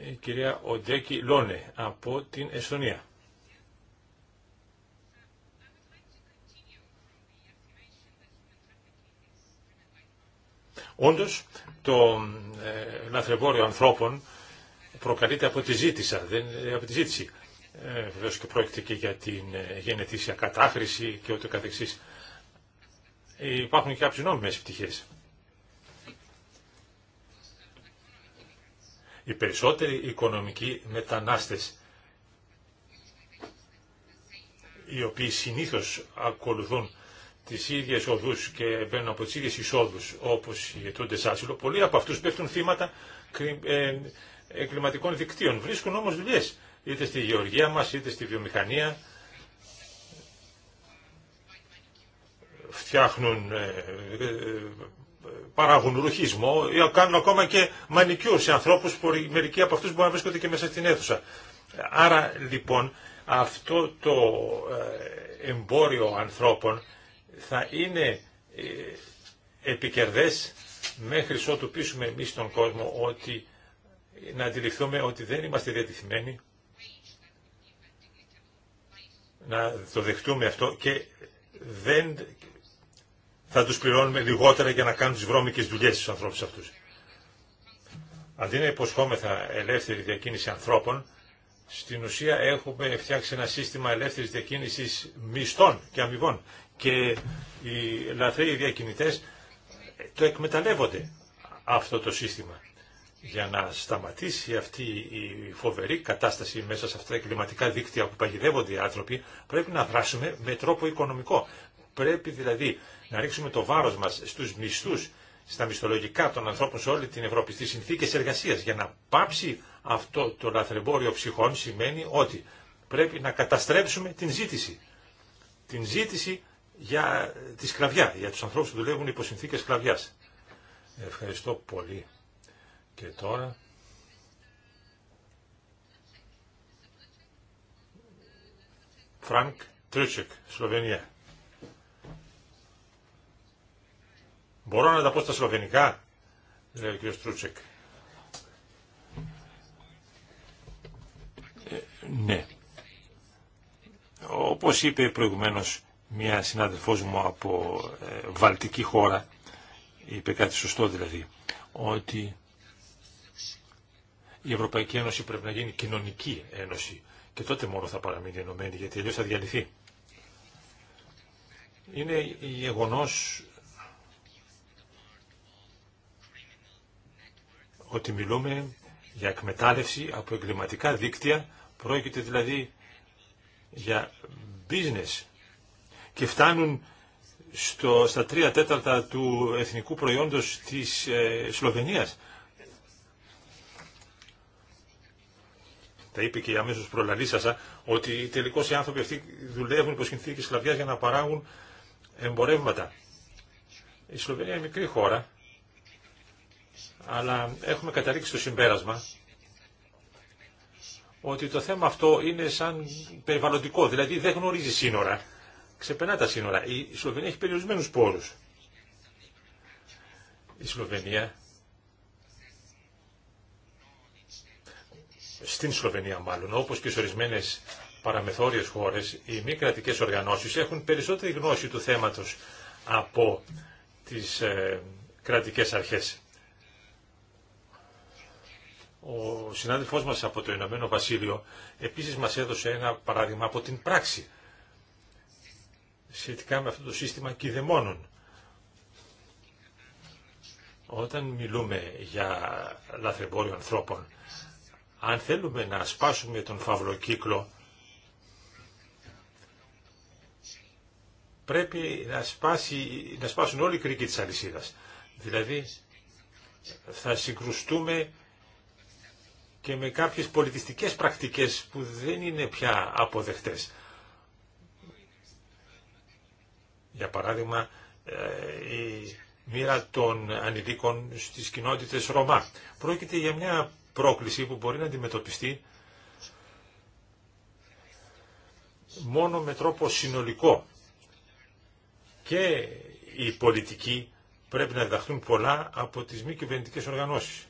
Η κυρία Οντέκη Λόνε από την Εστονία. Όντως, το ε, λαθρεμπόριο ανθρώπων προκαλείται από τη, ζήτηση, ε, από τη ζήτηση. Ε, Βεβαίω και πρόκειται και για την ε, γενετήσια κατάχρηση και ούτω καθεξής. Ε, υπάρχουν και κάποιες νόμιμες πτυχές. Οι περισσότεροι οικονομικοί μετανάστες οι οποίοι συνήθως ακολουθούν τις ίδιες οδούς και μπαίνουν από τις ίδιες εισόδους όπως οι ετούντες άσυλο, πολλοί από αυτούς πέφτουν θύματα εγκληματικών δικτύων. Βρίσκουν όμως δουλειές είτε στη γεωργία μας, είτε στη βιομηχανία. Φτιάχνουν, ε, ε, παράγουν ρουχισμό ή κάνουν ακόμα και μανικιούρ σε ανθρώπους που μερικοί από αυτούς μπορεί να βρίσκονται και μέσα στην αίθουσα. Άρα λοιπόν αυτό το ε, εμπόριο ανθρώπων θα είναι επικερδές μέχρι ότου πείσουμε εμείς τον κόσμο ότι να αντιληφθούμε ότι δεν είμαστε διατηθειμένοι να το δεχτούμε αυτό και δεν θα τους πληρώνουμε λιγότερα για να κάνουν τις βρώμικες δουλειές στους ανθρώπους αυτούς. Αντί να υποσχόμεθα ελεύθερη διακίνηση ανθρώπων, στην ουσία έχουμε φτιάξει ένα σύστημα ελεύθερης διακίνησης μισθών και αμοιβών και οι λαθρέοι διακινητές το εκμεταλλεύονται αυτό το σύστημα για να σταματήσει αυτή η φοβερή κατάσταση μέσα σε αυτά τα κλιματικά δίκτυα που παγιδεύονται οι άνθρωποι, πρέπει να δράσουμε με τρόπο οικονομικό. Πρέπει δηλαδή να ρίξουμε το βάρο μα στου μισθού, στα μισθολογικά των ανθρώπων σε όλη την Ευρώπη, στι συνθήκε εργασία, Για να πάψει αυτό το λαθρεμπόριο ψυχών σημαίνει ότι πρέπει να καταστρέψουμε την ζήτηση. Την ζήτηση για τη σκλαβιά, για του ανθρώπου που δουλεύουν υπό συνθήκες σκλαβιά. Ευχαριστώ πολύ. Και τώρα... Φρανκ Τρούτσεκ, Σλοβενία. Μπορώ να τα πω στα σλοβενικά, λέει ο κ. Τρούτσεκ. ναι. Όπως είπε προηγουμένως μια συνάδελφός μου από ε, βαλτική χώρα, είπε κάτι σωστό δηλαδή, ότι η Ευρωπαϊκή Ένωση πρέπει να γίνει κοινωνική ένωση και τότε μόνο θα παραμείνει ενωμένη γιατί αλλιώς θα διαλυθεί. Είναι γεγονό ότι μιλούμε για εκμετάλλευση από εγκληματικά δίκτυα, πρόκειται δηλαδή για business και φτάνουν στο, στα τρία τέταρτα του εθνικού προϊόντος της ε, Σλοβενίας. τα είπε και αμέσω προλαλήσασα, ότι τελικώ οι άνθρωποι αυτοί δουλεύουν υπό συνθήκε σκλαβιά για να παράγουν εμπορεύματα. Η Σλοβενία είναι μικρή χώρα, αλλά έχουμε καταλήξει το συμπέρασμα ότι το θέμα αυτό είναι σαν περιβαλλοντικό, δηλαδή δεν γνωρίζει σύνορα, ξεπερνά τα σύνορα. Η Σλοβενία έχει περιορισμένους πόρους. Η Σλοβενία στην Σλοβενία μάλλον, όπως και σε ορισμένες παραμεθόριες χώρες, οι μη κρατικέ οργανώσεις έχουν περισσότερη γνώση του θέματος από τις ε, κρατικές αρχές. Ο συνάδελφός μας από το Ηνωμένο Βασίλειο επίσης μας έδωσε ένα παράδειγμα από την πράξη σχετικά με αυτό το σύστημα κηδεμόνων. Όταν μιλούμε για λαθρεμπόριο ανθρώπων, αν θέλουμε να σπάσουμε τον φαυλοκύκλο πρέπει να, σπάσει, να σπάσουν όλοι οι κρίκοι της αλυσίδας. Δηλαδή, θα συγκρουστούμε και με κάποιες πολιτιστικές πρακτικές που δεν είναι πια αποδεχτές. Για παράδειγμα, ε, η μοίρα των ανηλίκων στις κοινότητες Ρωμά. Πρόκειται για μια πρόκληση που μπορεί να αντιμετωπιστεί μόνο με τρόπο συνολικό. Και οι πολιτικοί πρέπει να διδαχθούν πολλά από τις μη κυβερνητικέ οργανώσεις.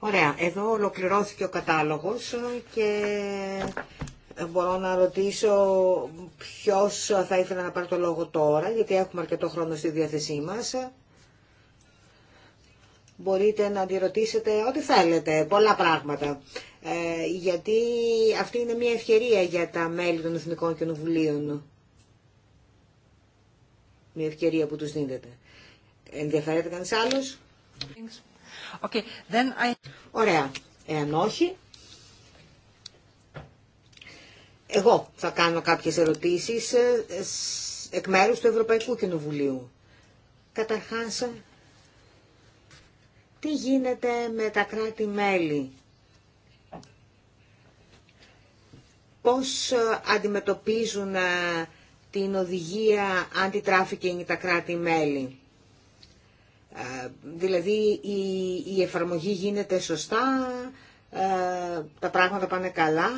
Ωραία, εδώ ολοκληρώθηκε ο κατάλογος και μπορώ να ρωτήσω ποιος θα ήθελε να πάρει το λόγο τώρα, γιατί έχουμε αρκετό χρόνο στη διάθεσή μας μπορείτε να αντιρωτήσετε ό,τι θέλετε, πολλά πράγματα. Ε, γιατί αυτή είναι μια ευκαιρία για τα μέλη των Εθνικών Κοινοβουλίων. Μια ευκαιρία που τους δίνεται. Ενδιαφέρεται κανείς άλλος? Okay, then I... Ωραία. Εάν όχι, εγώ θα κάνω κάποιες ερωτήσεις ε, εκ μέρους του Ευρωπαϊκού Κοινοβουλίου. Καταρχάς, τι γίνεται με τα κράτη-μέλη. Πώς ε, αντιμετωπίζουν ε, την οδηγία αντι-trafficking τα κράτη-μέλη. Ε, δηλαδή η, εφαρμογή γίνεται σωστά, τα πράγματα πάνε καλά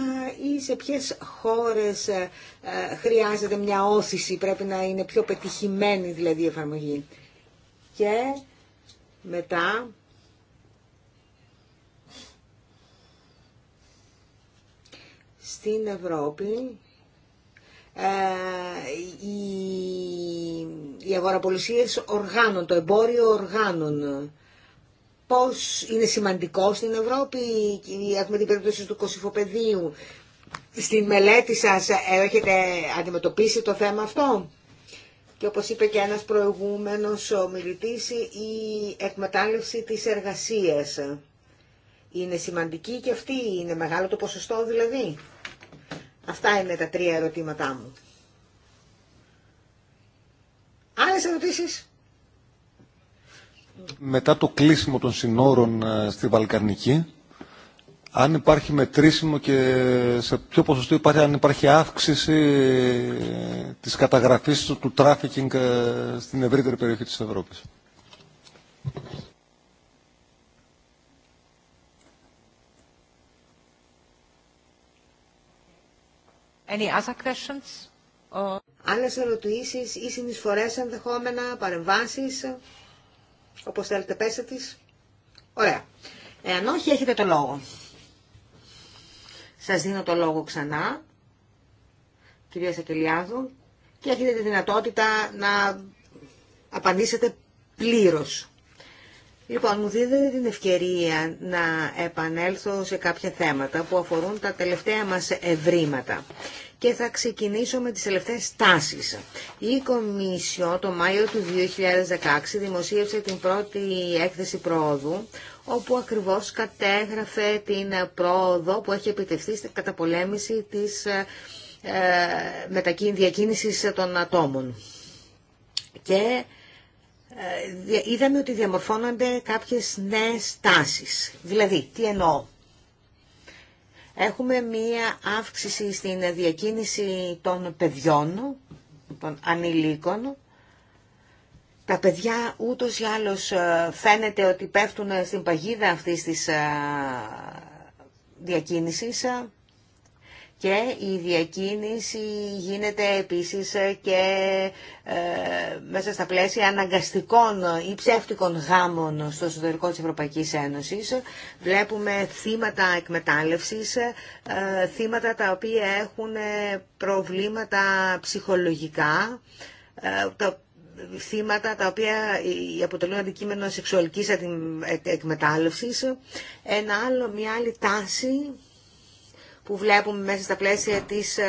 ή σε ποιες χώρες χρειάζεται μια όθηση, πρέπει να είναι πιο πετυχημένη δηλαδή η εφαρμογή. Και μετά στην Ευρώπη οι, ε, οι αγοραπολισίες οργάνων, το εμπόριο οργάνων. Πώς είναι σημαντικό στην Ευρώπη, έχουμε την περίπτωση του κοσυφοπεδίου. Στην μελέτη σας ε, έχετε αντιμετωπίσει το θέμα αυτό. Και όπως είπε και ένας προηγούμενος ομιλητής, η εκμετάλλευση της εργασίας είναι σημαντική και αυτή είναι μεγάλο το ποσοστό δηλαδή. Αυτά είναι τα τρία ερωτήματά μου. Άλλες ερωτήσεις. Μετά το κλείσιμο των συνόρων ε, στη Βαλκανική, αν υπάρχει μετρήσιμο και σε ποιο ποσοστό υπάρχει, αν υπάρχει αύξηση ε, της καταγραφής του τράφικινγκ ε, στην ευρύτερη περιοχή της Ευρώπης. Any other questions? Άλλες ερωτήσεις ή συνεισφορές ενδεχόμενα, παρεμβάσεις, όπως θέλετε πέστε τις. Ωραία. Εάν όχι, έχετε το λόγο. Σας δίνω το λόγο ξανά, κυρία Σακελιάδου, και έχετε τη δυνατότητα να απαντήσετε πλήρως. Λοιπόν, μου δίδεται την ευκαιρία να επανέλθω σε κάποια θέματα που αφορούν τα τελευταία μας ευρήματα. Και θα ξεκινήσω με τις τελευταίες τάσεις. Η Κομισιό το Μάιο του 2016 δημοσίευσε την πρώτη έκθεση πρόοδου, όπου ακριβώς κατέγραφε την πρόοδο που έχει επιτευχθεί στην καταπολέμηση της ε, ε μετακίνησης των ατόμων. Και ε, είδαμε ότι διαμορφώνονται κάποιες νέες τάσεις. Δηλαδή, τι εννοώ. Έχουμε μία αύξηση στην διακίνηση των παιδιών, των ανηλίκων. Τα παιδιά ούτως ή άλλως ε, φαίνεται ότι πέφτουν στην παγίδα αυτής της ε, διακίνησης και η διακίνηση γίνεται επίσης και ε, μέσα στα πλαίσια αναγκαστικών ή ψεύτικων γάμων στο εσωτερικό της Ευρωπαϊκής Ένωσης. Βλέπουμε θύματα εκμετάλλευσης, ε, θύματα τα οποία έχουν ε, προβλήματα ψυχολογικά, τα θύματα τα οποία αποτελούν αντικείμενο σεξουαλικής εκμετάλλευσης. Ένα άλλο, μια άλλη τάση που βλέπουμε μέσα στα πλαίσια της ε,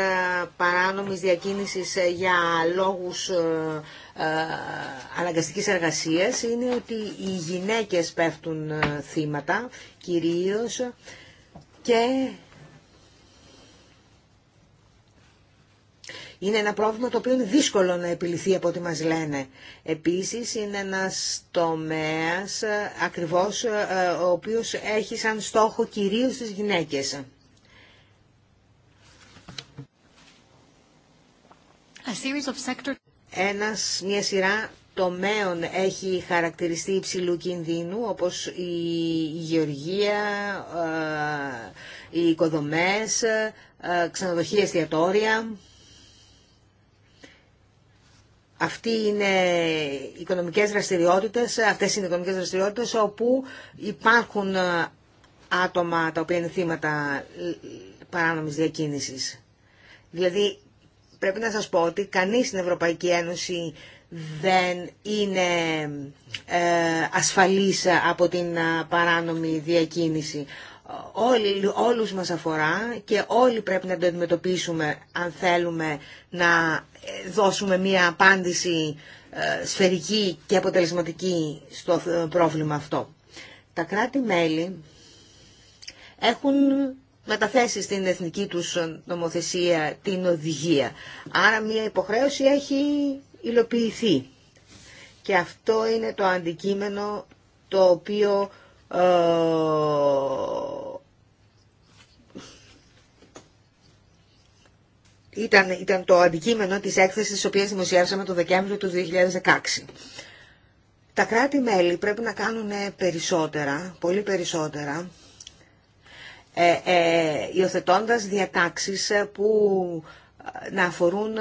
παράνομης διακίνησης ε, για λόγους ε, αναγκαστικής εργασίας είναι ότι οι γυναίκες πέφτουν θύματα κυρίως και Είναι ένα πρόβλημα το οποίο είναι δύσκολο να επιληθεί από ό,τι μας λένε. Επίσης είναι ένας τομέας ακριβώς ο οποίος έχει σαν στόχο κυρίως τις γυναίκες. A Ένας, μια σειρά τομέων έχει χαρακτηριστεί υψηλού κινδύνου, όπως η γεωργία, ε, οι οικοδομές, ε, ξενοδοχεία εστιατόρια. Αυτοί είναι οικονομικές δραστηριότητες, αυτές είναι οι οικονομικές δραστηριότητες όπου υπάρχουν ε, άτομα τα οποία είναι θύματα παράνομης διακίνησης. Δηλαδή πρέπει να σας πω ότι κανείς στην Ευρωπαϊκή Ένωση δεν είναι ε, ασφαλής από την ε, παράνομη διακίνηση. Όλοι, όλους μας αφορά και όλοι πρέπει να το αντιμετωπίσουμε αν θέλουμε να δώσουμε μία απάντηση ε, σφαιρική και αποτελεσματική στο πρόβλημα αυτό. Τα κράτη-μέλη έχουν μεταθέσει στην εθνική του νομοθεσία την οδηγία. Άρα μια υποχρέωση έχει υλοποιηθεί. Και αυτό είναι το αντικείμενο το οποίο ε, ήταν, ήταν το αντικείμενο της έκθεσης της οποίας δημοσιεύσαμε το Δεκέμβριο του 2016. Τα κράτη-μέλη πρέπει να κάνουν περισσότερα, πολύ περισσότερα, ε, ε, υιοθετώντας διατάξεις ε, που να αφορούν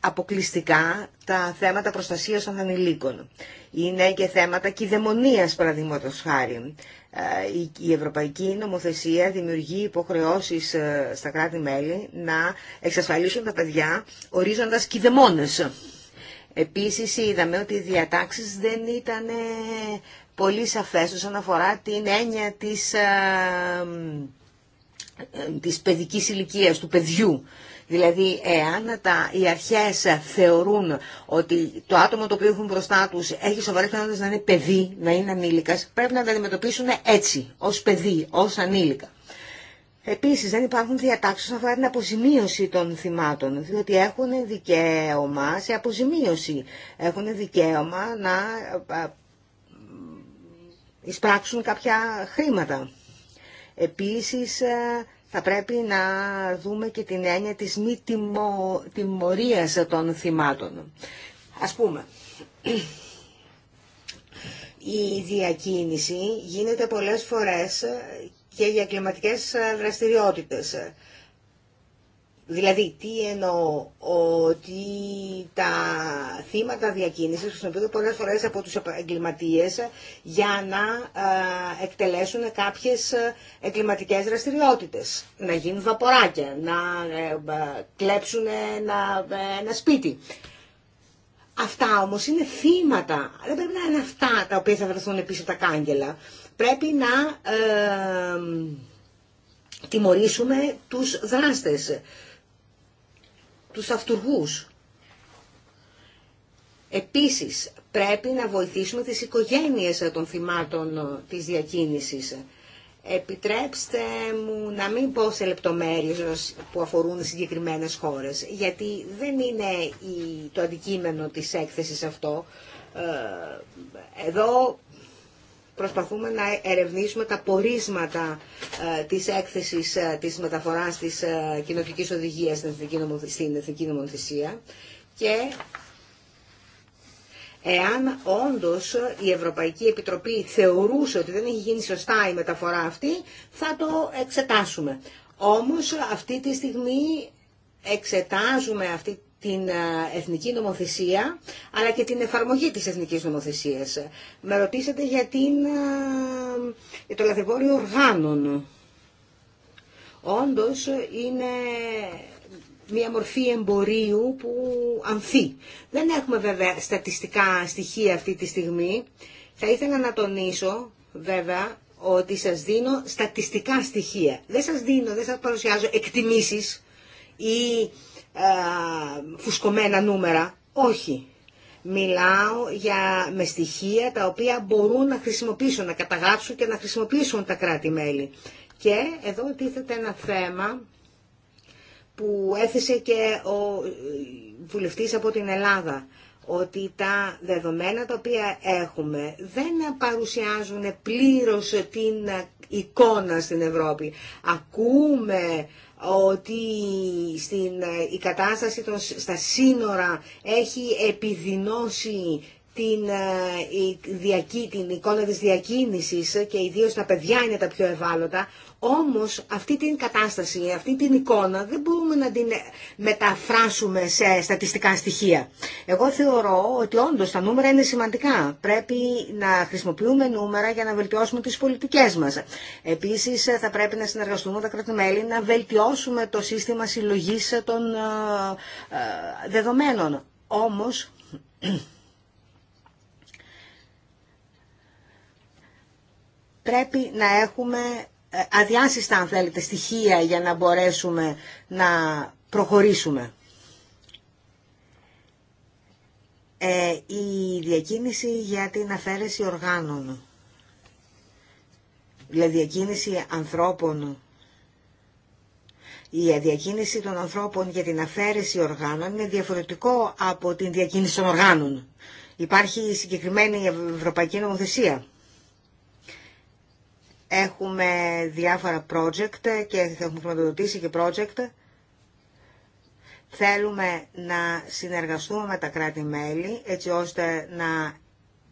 αποκλειστικά τα θέματα προστασίας των ανηλίκων. Είναι και θέματα κυδαιμονίας, παραδείγματο χάρη. Η Ευρωπαϊκή Νομοθεσία δημιουργεί υποχρεώσεις στα κράτη-μέλη να εξασφαλίσουν τα παιδιά ορίζοντας κυδαιμόνες. Επίσης είδαμε ότι οι διατάξεις δεν ήταν πολύ σαφές όσον αφορά την έννοια της της παιδικής ηλικίας, του παιδιού. Δηλαδή, εάν τα, οι αρχές θεωρούν ότι το άτομο το οποίο έχουν μπροστά τους έχει σοβαρές πιθανότητες να είναι παιδί, να είναι ανήλικας, πρέπει να τα αντιμετωπίσουν έτσι, ως παιδί, ως ανήλικα. Επίσης δεν υπάρχουν διατάξεις όσον αφορά την αποζημίωση των θυμάτων, διότι έχουν δικαίωμα σε αποζημίωση, έχουν δικαίωμα να εισπράξουν κάποια χρήματα. Επίσης ε, θα πρέπει να δούμε και την έννοια της μη τιμω, τιμωρίας των θυμάτων. Ας πούμε, η διακίνηση γίνεται πολλές φορές και για κλιματικές δραστηριότητες. Δηλαδή, τι εννοώ, ότι τα θύματα διακίνησης χρησιμοποιούνται πολλές φορές από τους εγκληματίε για να ε, εκτελέσουν κάποιες εγκληματικές δραστηριότητες, να γίνουν βαποράκια, να ε, ε, κλέψουν ένα, σπίτι. Αυτά όμως είναι θύματα, δεν πρέπει να είναι αυτά τα οποία θα βρεθούν πίσω τα κάγκελα. Πρέπει να τιμωρήσουμε τους δράστες τους αυτούργους. Επίσης, πρέπει να βοηθήσουμε τις οικογένειες των θυμάτων ε, της διακίνησης. Επιτρέψτε μου να μην πω σε λεπτομέρειες που αφορούν συγκεκριμένες χώρες, γιατί δεν είναι το αντικείμενο της έκθεσης αυτό. Ε, εδώ προσπαθούμε να ερευνήσουμε τα πορίσματα ε, της έκθεσης ε, της μεταφοράς της ε, κοινοτικής οδηγίας στην Εθνική Νομοθεσία και εάν όντως η Ευρωπαϊκή Επιτροπή θεωρούσε ότι δεν έχει γίνει σωστά η μεταφορά αυτή, θα το εξετάσουμε. Όμως αυτή τη στιγμή εξετάζουμε αυτή την ε, εθνική νομοθεσία, αλλά και την εφαρμογή της εθνικής νομοθεσίας. Με ρωτήσατε για, την, ε, το λαθρεμπόριο οργάνων. Όντως είναι μια μορφή εμπορίου που ανθεί. Δεν έχουμε βέβαια στατιστικά στοιχεία αυτή τη στιγμή. Θα ήθελα να τονίσω βέβαια ότι σας δίνω στατιστικά στοιχεία. Δεν σας δίνω, δεν σας παρουσιάζω εκτιμήσεις ή ε, φουσκωμένα νούμερα. Όχι. Μιλάω για, με στοιχεία τα οποία μπορούν να χρησιμοποιήσουν, να καταγράψουν και να χρησιμοποιήσουν τα κράτη-μέλη. Και εδώ τίθεται ένα θέμα που έθεσε και ο ε, βουλευτής από την Ελλάδα, ότι τα δεδομένα τα οποία έχουμε δεν παρουσιάζουν πλήρως την ε, εικόνα στην Ευρώπη. Ακούμε ότι στην, ε, η κατάσταση των, στα σύνορα έχει επιδεινώσει την, ε, την εικόνα της διακίνησης και ιδίως τα παιδιά είναι τα πιο ευάλωτα. Όμως αυτή την κατάσταση, αυτή την εικόνα δεν μπορούμε να την μεταφράσουμε σε στατιστικά στοιχεία. Εγώ θεωρώ ότι όντως τα νούμερα είναι σημαντικά. Πρέπει να χρησιμοποιούμε νούμερα για να βελτιώσουμε τις πολιτικές μας. Επίσης θα πρέπει να συνεργαστούμε τα κράτη-μέλη να βελτιώσουμε το σύστημα συλλογής των ε, ε, δεδομένων. Όμως... *clears throat* Πρέπει να έχουμε ε, αδιάσυστα αν θέλετε στοιχεία για να μπορέσουμε να προχωρήσουμε. Ε, η διακίνηση για την αφαίρεση οργάνων, δηλαδή διακίνηση ανθρώπων, η διακίνηση των ανθρώπων για την αφαίρεση οργάνων είναι διαφορετικό από την διακίνηση των οργάνων. Υπάρχει συγκεκριμένη ευρωπαϊκή νομοθεσία. Έχουμε διάφορα project και θα έχουμε χρηματοδοτήσει και project. Θέλουμε να συνεργαστούμε με τα κράτη-μέλη έτσι ώστε να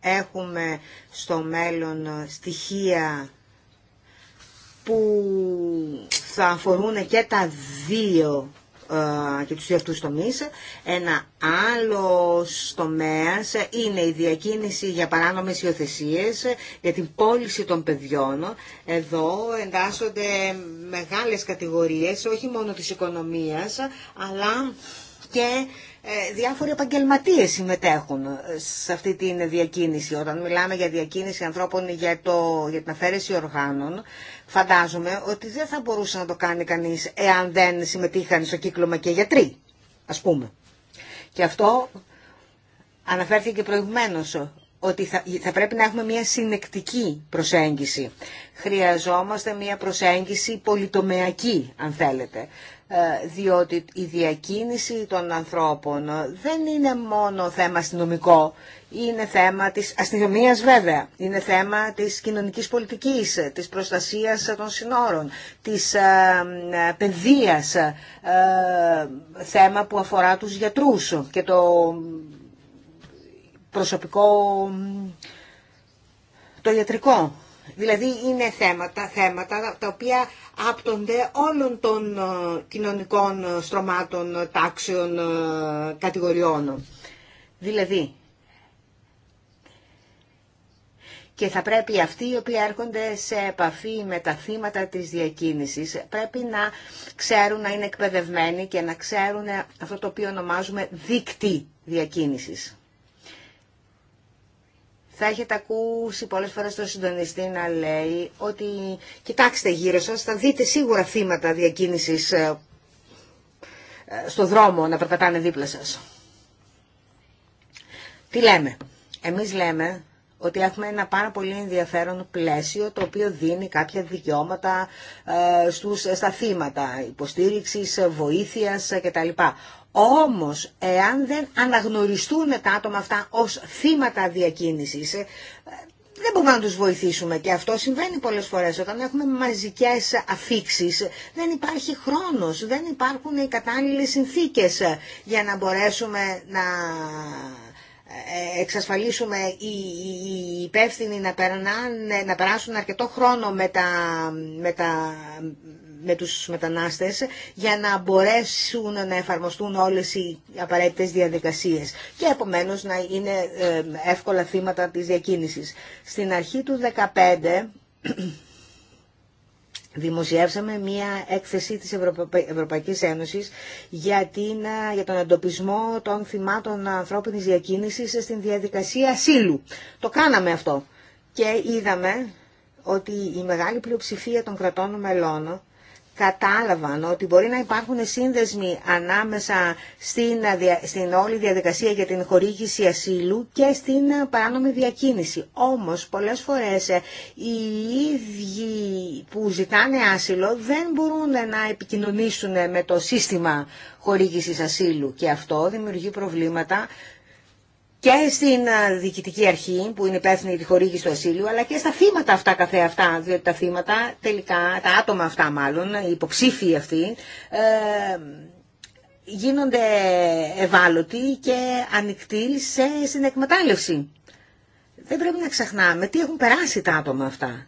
έχουμε στο μέλλον στοιχεία που θα αφορούν και τα δύο ε, και τους δύο τομείς. Ένα άλλο τομέα είναι η διακίνηση για παράνομες υιοθεσίε, για την πώληση των παιδιών. Εδώ εντάσσονται μεγάλες κατηγορίες, όχι μόνο της οικονομίας, αλλά και ε, διάφοροι επαγγελματίε συμμετέχουν ε, σε αυτή τη διακίνηση. Όταν μιλάμε για διακίνηση ανθρώπων για, το, για την αφαίρεση οργάνων, φαντάζομαι ότι δεν θα μπορούσε να το κάνει κανείς εάν δεν συμμετείχαν στο κύκλωμα και γιατροί, ας πούμε. Και αυτό αναφέρθηκε προηγουμένω ότι θα, θα πρέπει να έχουμε μια συνεκτική προσέγγιση. Χρειαζόμαστε μια προσέγγιση πολυτομεακή, αν θέλετε. Ε, διότι η διακίνηση των ανθρώπων δεν είναι μόνο θέμα αστυνομικό, είναι θέμα της αστυνομίας βέβαια, είναι θέμα της κοινωνικής πολιτικής, της προστασίας των συνόρων, της ε, ε, παιδείας, θέμα που αφορά τους γιατρούς και το προσωπικό, το ιατρικό. Δηλαδή είναι θέματα, θέματα τα οποία άπτονται όλων των ε, κοινωνικών ε, στρωμάτων, ε, τάξεων, κατηγοριών. Δηλαδή, και θα πρέπει αυτοί οι οποίοι έρχονται σε επαφή με τα θύματα της διακίνησης πρέπει να ξέρουν να είναι εκπαιδευμένοι και να ξέρουν αυτό το οποίο ονομάζουμε δίκτυ διακίνησης. Θα έχετε ακούσει πολλέ φορέ τον συντονιστή να λέει ότι κοιτάξτε γύρω σας, θα δείτε σίγουρα θύματα διακίνησης ε, ε, στο δρόμο να περπατάνε δίπλα σας. Τι λέμε. Εμείς λέμε ότι έχουμε ένα πάρα πολύ ενδιαφέρον πλαίσιο το οποίο δίνει κάποια δικαιώματα ε, στους, στα θύματα, υποστήριξης, βοήθειας κτλ. Όμως, εάν δεν αναγνωριστούν τα άτομα αυτά ως θύματα διακίνησης, ε, δεν μπορούμε να τους βοηθήσουμε και αυτό συμβαίνει πολλές φορές όταν έχουμε μαζικές αφήξεις δεν υπάρχει χρόνος, δεν υπάρχουν οι κατάλληλες συνθήκες για να μπορέσουμε να ε, εξασφαλίσουμε οι υπεύθυνοι να, περνάνε, να περάσουν αρκετό χρόνο με, τα, με, τα, με τους μετανάστες για να μπορέσουν να εφαρμοστούν όλες οι απαραίτητες διαδικασίες και επομένως να είναι ε, εύκολα θύματα της διακίνησης. Στην αρχή του 2015 δημοσιεύσαμε μία έκθεση της Ευρωπαϊκής Ένωσης για, την, για τον αντοπισμό των θυμάτων ανθρώπινης διακίνησης στην διαδικασία ασύλου. Το κάναμε αυτό και είδαμε ότι η μεγάλη πλειοψηφία των κρατών μελών κατάλαβαν ότι μπορεί να υπάρχουν σύνδεσμοι ανάμεσα στην, στην όλη διαδικασία για την χορήγηση ασύλου και στην παράνομη διακίνηση. Όμως πολλές φορές ε, οι ίδιοι που ζητάνε άσυλο δεν μπορούν να επικοινωνήσουν με το σύστημα χορήγησης ασύλου και αυτό δημιουργεί προβλήματα και στην διοικητική αρχή που είναι υπεύθυνη τη χορήγηση του ασύλου, αλλά και στα θύματα αυτά καθεαυτά, διότι τα θύματα τελικά, τα άτομα αυτά μάλλον, οι υποψήφοι αυτοί, ε, γίνονται ευάλωτοι και ανοιχτοί σε συνεκμετάλλευση. Δεν πρέπει να ξεχνάμε τι έχουν περάσει τα άτομα αυτά.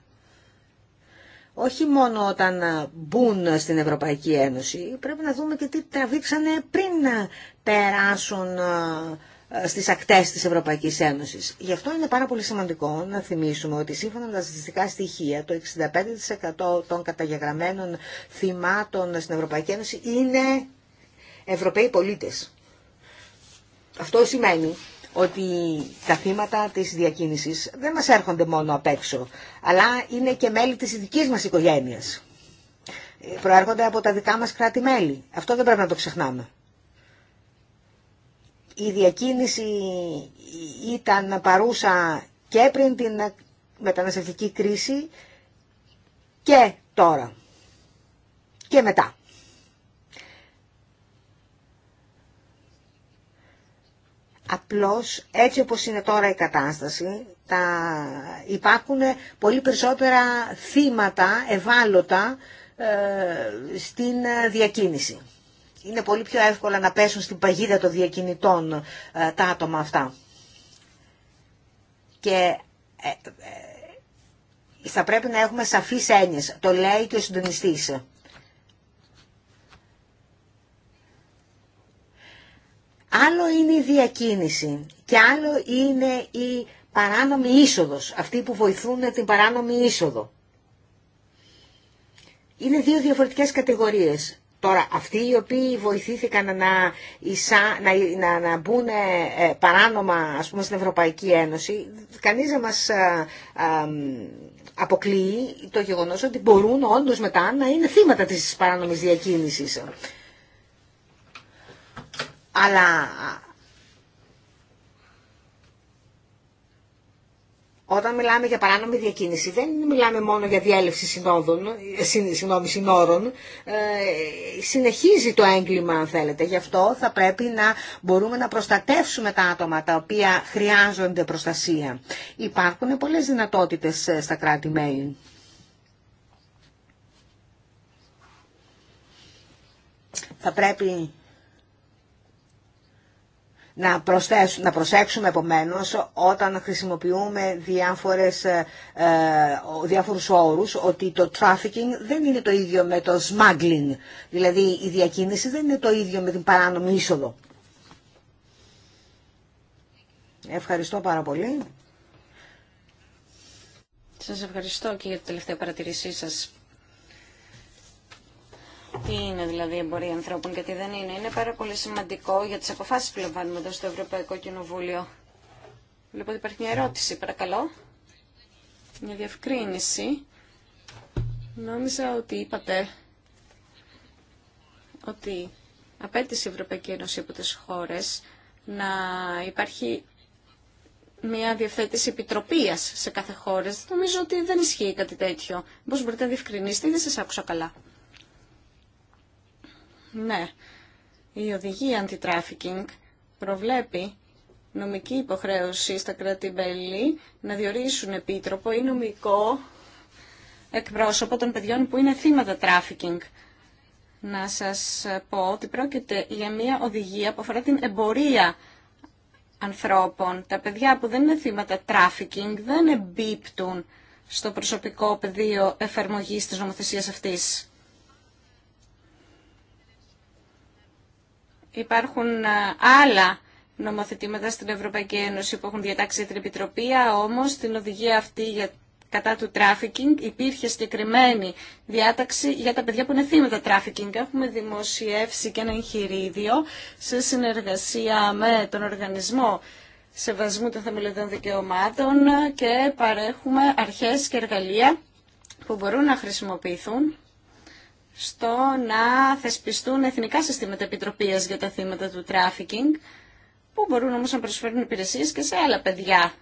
Όχι μόνο όταν μπουν στην Ευρωπαϊκή Ένωση, πρέπει να δούμε και τι τραβήξανε πριν περάσουν ε, στις ακτές της Ευρωπαϊκής Ένωσης. Γι' αυτό είναι πάρα πολύ σημαντικό να θυμίσουμε ότι σύμφωνα με τα στατιστικά στοιχεία το 65% των καταγεγραμμένων θυμάτων στην Ευρωπαϊκή Ένωση είναι Ευρωπαίοι πολίτες. Αυτό σημαίνει ότι τα θύματα της διακίνησης δεν μας έρχονται μόνο απ' έξω, αλλά είναι και μέλη της δικής μας οικογένειας. Ε, προέρχονται από τα δικά μας κράτη-μέλη. Αυτό δεν πρέπει να το ξεχνάμε η διακίνηση ήταν παρούσα και πριν την μεταναστευτική κρίση και τώρα και μετά. Απλώς έτσι όπως είναι τώρα η κατάσταση τα... υπάρχουν πολύ περισσότερα θύματα ευάλωτα ε, στην διακίνηση είναι πολύ πιο εύκολα να πέσουν στην παγίδα των διακινητών ε, τα άτομα αυτά. Και ε, ε, θα πρέπει να έχουμε σαφείς έννοιες. Το λέει και ο συντονιστής. Άλλο είναι η διακίνηση και άλλο είναι η παράνομη είσοδος, αυτοί που βοηθούν την παράνομη είσοδο. Είναι δύο διαφορετικές κατηγορίες. Τώρα, αυτοί οι οποίοι βοηθήθηκαν να, εισά, να, να, να μπουν ε, ε, παράνομα ας πούμε, στην Ευρωπαϊκή Ένωση, κανείς δεν μας ε, αποκλείει το γεγονός ότι μπορούν όντως μετά να είναι θύματα της παράνομης διακίνησης. Αλλά Όταν μιλάμε για παράνομη διακίνηση, δεν μιλάμε μόνο για διέλευση συνόδων, συνόδων, συνόρων. Ε, συνεχίζει το έγκλημα, αν θέλετε. Γι' αυτό θα πρέπει να μπορούμε να προστατεύσουμε τα άτομα τα οποία χρειάζονται προστασία. Υπάρχουν πολλές δυνατότητες ε, στα κράτη-μέλη. Θα πρέπει να, να προσέξουμε επομένως όταν χρησιμοποιούμε διάφορες, ε, ε διάφορους όρους ότι το trafficking δεν είναι το ίδιο με το smuggling, δηλαδή η διακίνηση δεν είναι το ίδιο με την παράνομη είσοδο. Ευχαριστώ πάρα πολύ. Σας ευχαριστώ και για τη τελευταία παρατηρήσή σας. Τι είναι δηλαδή η εμπορία ανθρώπων και τι δεν είναι. Είναι πάρα πολύ σημαντικό για τις αποφάσει που λαμβάνουμε εδώ στο Ευρωπαϊκό Κοινοβούλιο. ότι λοιπόν, υπάρχει μια ερώτηση, παρακαλώ. Μια διευκρίνηση. Νόμιζα ότι είπατε ότι απέτησε η Ευρωπαϊκή Ένωση από τις χώρες να υπάρχει μια διευθέτηση επιτροπίας σε κάθε χώρα. Νομίζω ότι δεν ισχύει κάτι τέτοιο. μπορείτε να διευκρινίσετε ή δεν σας άκουσα καλά. Ναι, η οδηγία αντιτράφικινγκ προβλέπει νομική υποχρέωση στα κράτη-μέλη να διορίσουν επίτροπο ή νομικό εκπρόσωπο των παιδιών που είναι θύματα τράφικινγκ. Να σας πω ότι πρόκειται για μια οδηγία που αφορά την εμπορία ανθρώπων. Τα παιδιά που δεν είναι θύματα τράφικινγκ δεν εμπίπτουν στο προσωπικό πεδίο εφαρμογής της νομοθεσίας αυτής. Υπάρχουν ε, άλλα νομοθετήματα στην Ευρωπαϊκή Ένωση που έχουν διατάξει την Επιτροπή, όμως στην οδηγία αυτή για κατά του τράφικινγκ υπήρχε συγκεκριμένη διάταξη για τα παιδιά που είναι θύματα τράφικινγκ. Έχουμε δημοσιεύσει και ένα εγχειρίδιο σε συνεργασία με τον Οργανισμό Σεβασμού των Θεμελιωδών Δικαιωμάτων και παρέχουμε αρχές και εργαλεία που μπορούν να χρησιμοποιηθούν στο να θεσπιστούν εθνικά συστήματα επιτροπίας για τα θύματα του τράφικινγκ, που μπορούν όμως να προσφέρουν υπηρεσίες και σε άλλα παιδιά.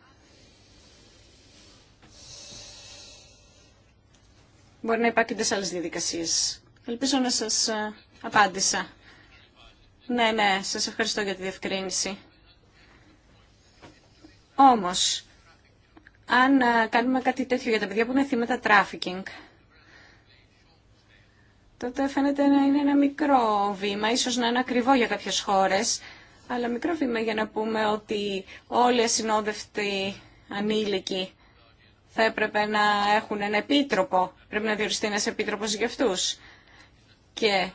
Μπορεί να υπάρχουν και σε άλλες διαδικασίες. Ελπίζω να σας ε, απάντησα. Ναι, ναι, σας ευχαριστώ για τη διευκρίνηση. Όμως, αν ε, κάνουμε κάτι τέτοιο για τα παιδιά που είναι θύματα τράφικινγκ, τότε φαίνεται να είναι ένα μικρό βήμα, ίσως να είναι ακριβό για κάποιες χώρες, αλλά μικρό βήμα για να πούμε ότι όλοι οι ασυνόδευτοι ανήλικοι θα έπρεπε να έχουν ένα επίτροπο. Πρέπει να διοριστεί ένας επίτροπος για αυτούς. Και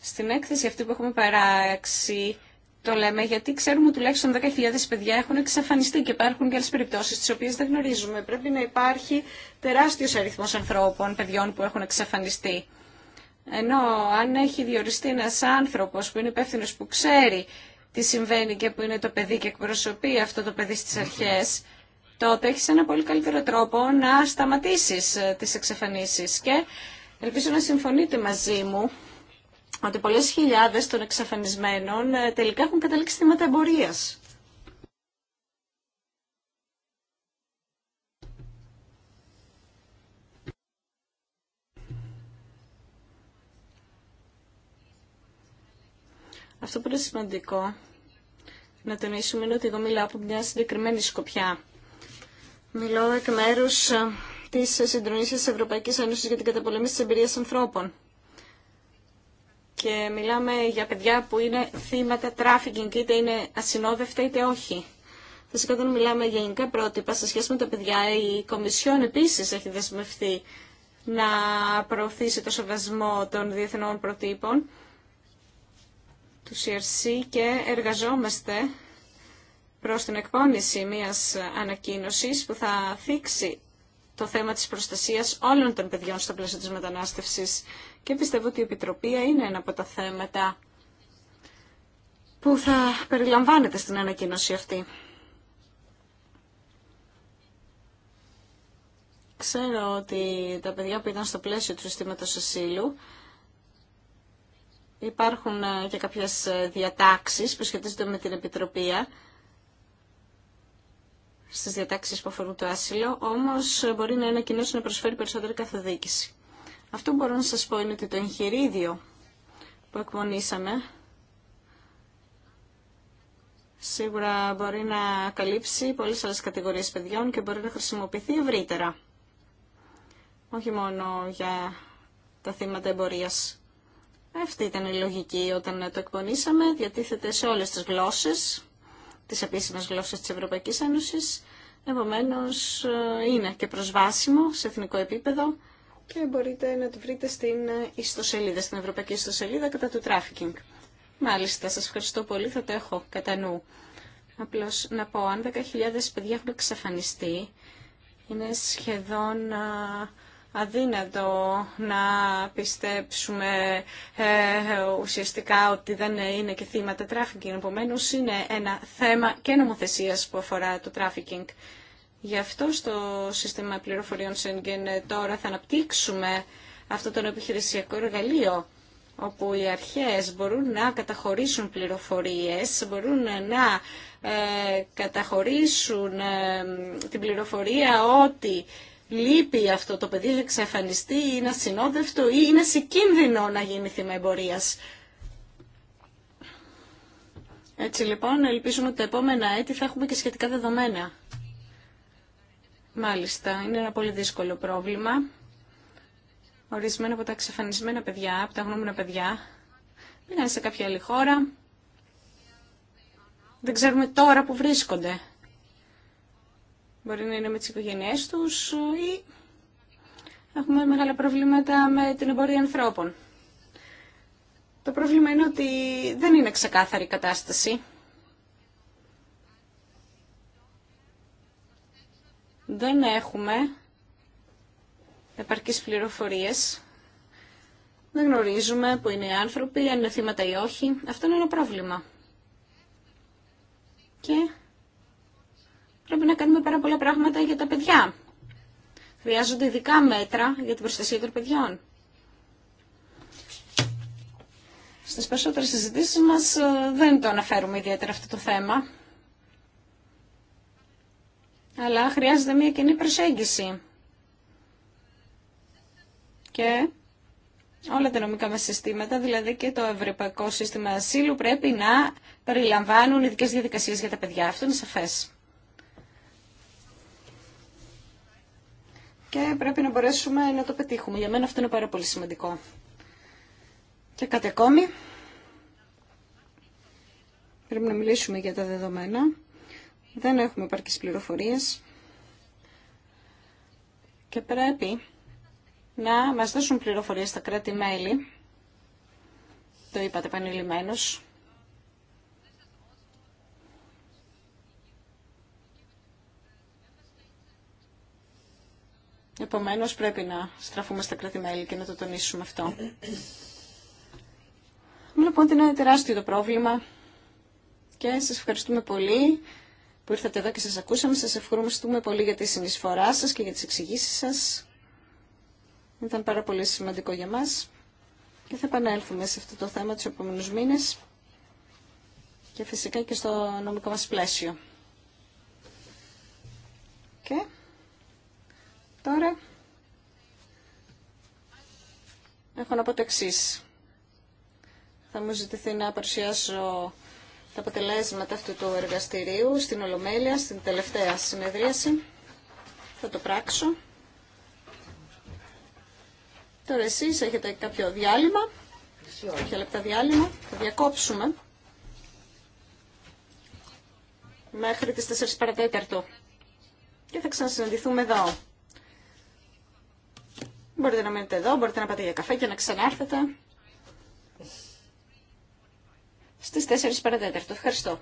στην έκθεση αυτή που έχουμε παράξει, το λέμε γιατί ξέρουμε ότι τουλάχιστον 10.000 παιδιά έχουν εξαφανιστεί και υπάρχουν και άλλε περιπτώσει τι οποίε δεν γνωρίζουμε. Πρέπει να υπάρχει τεράστιο αριθμό ανθρώπων, παιδιών που έχουν εξαφανιστεί. Ενώ αν έχει διοριστεί ένα άνθρωπος που είναι υπεύθυνο που ξέρει τι συμβαίνει και που είναι το παιδί και εκπροσωπεί αυτό το παιδί στις αρχές, τότε έχεις ένα πολύ καλύτερο τρόπο να σταματήσεις ε, τις εξαφανίσει. Και ελπίζω να συμφωνείτε μαζί μου ότι πολλές χιλιάδες των εξαφανισμένων ε, τελικά έχουν καταλήξει θύματα εμπορίας. Αυτό που είναι σημαντικό να τονίσουμε είναι ότι εγώ μιλάω από μια συγκεκριμένη σκοπιά. Μιλώ εκ μέρου ε, τη συντρονή τη Ευρωπαϊκή Ένωση για την καταπολέμηση τη εμπειρία ανθρώπων. Και μιλάμε για παιδιά που είναι θύματα τράφικινγκ, είτε είναι ασυνόδευτα είτε όχι. Φυσικά όταν μιλάμε για γενικά πρότυπα σε σχέση με τα παιδιά, η Κομισιόν επίση έχει δεσμευτεί να προωθήσει το σεβασμό των διεθνών προτύπων του CRC και εργαζόμαστε προς την εκπόνηση μιας ανακοίνωσης που θα θίξει το θέμα της προστασίας όλων των παιδιών στο πλαίσιο της μετανάστευσης και πιστεύω ότι η Επιτροπή είναι ένα από τα θέματα που θα περιλαμβάνεται στην ανακοίνωση αυτή. Ξέρω ότι τα παιδιά που ήταν στο πλαίσιο του συστήματος ασύλου Υπάρχουν ε, και κάποιες ε, διατάξεις που σχετίζονται με την Επιτροπή στις διατάξεις που αφορούν το άσυλο, όμως ε, μπορεί να είναι κοινός να προσφέρει περισσότερη καθοδίκηση. Αυτό που μπορώ να σας πω είναι ότι το εγχειρίδιο που εκπονήσαμε σίγουρα μπορεί να καλύψει πολλές άλλες κατηγορίες παιδιών και μπορεί να χρησιμοποιηθεί ευρύτερα. Όχι μόνο για τα θύματα εμπορίας. Αυτή ήταν η λογική όταν το εκπονήσαμε. Διατίθεται σε όλες τις γλώσσες, τις επίσημες γλώσσες της Ευρωπαϊκής Ένωσης. Επομένως, ε, είναι και προσβάσιμο σε εθνικό επίπεδο και μπορείτε να το βρείτε στην ιστοσελίδα, στην Ευρωπαϊκή Ιστοσελίδα κατά του τράφικινγκ. Μάλιστα, σας ευχαριστώ πολύ, θα το έχω κατά νου. Απλώς να πω, αν 10.000 παιδιά έχουν εξαφανιστεί, είναι σχεδόν ε, αδύνατο να πιστέψουμε ε, ουσιαστικά ότι δεν είναι και θύματα τράφικινγκ. Επομένω, είναι ένα θέμα και νομοθεσία που αφορά το τράφικινγκ. Γι' αυτό στο σύστημα πληροφοριών ΣΕΝΚΕΝ ε, τώρα θα αναπτύξουμε αυτό το επιχειρησιακό εργαλείο όπου οι αρχές μπορούν να καταχωρήσουν πληροφορίες, μπορούν να ε, καταχωρήσουν ε, την πληροφορία ότι λείπει αυτό το παιδί, έχει εξαφανιστεί, είναι ασυνόδευτο ή είναι σε κίνδυνο να γίνει θύμα εμπορία. Έτσι λοιπόν, ελπίζουμε ότι τα επόμενα έτη θα έχουμε και σχετικά δεδομένα. Μάλιστα, είναι ένα πολύ δύσκολο πρόβλημα. Ορισμένα από τα εξαφανισμένα παιδιά, από τα γνώμενα παιδιά, πήγαν σε κάποια άλλη χώρα. Δεν ξέρουμε τώρα που βρίσκονται. Μπορεί να είναι με τις οικογένειές τους ή έχουμε μεγάλα προβλήματα με την εμπορία ανθρώπων. Το πρόβλημα είναι ότι δεν είναι ξεκάθαρη η κατάσταση. Δεν έχουμε επαρκείς πληροφορίες. Δεν γνωρίζουμε που είναι οι άνθρωποι, αν είναι θύματα ή όχι. Αυτό είναι ένα πρόβλημα. Και πρέπει να κάνουμε πάρα πολλά πράγματα για τα παιδιά. Χρειάζονται ειδικά μέτρα για την προστασία των παιδιών. Στις περισσότερες συζητήσεις μας ε, δεν το αναφέρουμε ιδιαίτερα αυτό το θέμα. Αλλά χρειάζεται μια κοινή προσέγγιση. Και όλα τα νομικά μας συστήματα, δηλαδή και το Ευρωπαϊκό Σύστημα Ασύλου, πρέπει να περιλαμβάνουν ειδικέ διαδικασίες για τα παιδιά. Αυτό είναι σαφές. και πρέπει να μπορέσουμε να το πετύχουμε. Για μένα αυτό είναι πάρα πολύ σημαντικό. Και κάτι ακόμη. Πρέπει να μιλήσουμε για τα δεδομένα. Δεν έχουμε επαρκείς πληροφορίες. Και πρέπει να μας δώσουν πληροφορίες στα κράτη-μέλη. Το είπατε επανειλημμένως. Επομένως πρέπει να στραφούμε στα κράτη-μέλη και να το τονίσουμε αυτό. Λοιπόν, ότι είναι τεράστιο το πρόβλημα και σας ευχαριστούμε πολύ που ήρθατε εδώ και σας ακούσαμε. Σας ευχαριστούμε πολύ για τη συνεισφορά σας και για τις εξηγήσεις σας. Ήταν πάρα πολύ σημαντικό για μας και θα επανέλθουμε σε αυτό το θέμα τους επόμενους μήνες και φυσικά και στο νομικό μας πλαίσιο. Και Τώρα έχω να πω το εξή. Θα μου ζητηθεί να παρουσιάσω τα αποτελέσματα αυτού του εργαστηρίου στην Ολομέλεια, στην τελευταία συνεδρίαση. Θα το πράξω. Τώρα εσείς έχετε κάποιο διάλειμμα, κάποια λεπτά διάλειμμα, θα διακόψουμε μέχρι τις 4 παρατέταρτο και θα ξανασυναντηθούμε εδώ. Μπορείτε να μείνετε εδώ, μπορείτε να πάτε για καφέ και να ξανάρθετε. Στις 4 παρατέταρτο. Ευχαριστώ.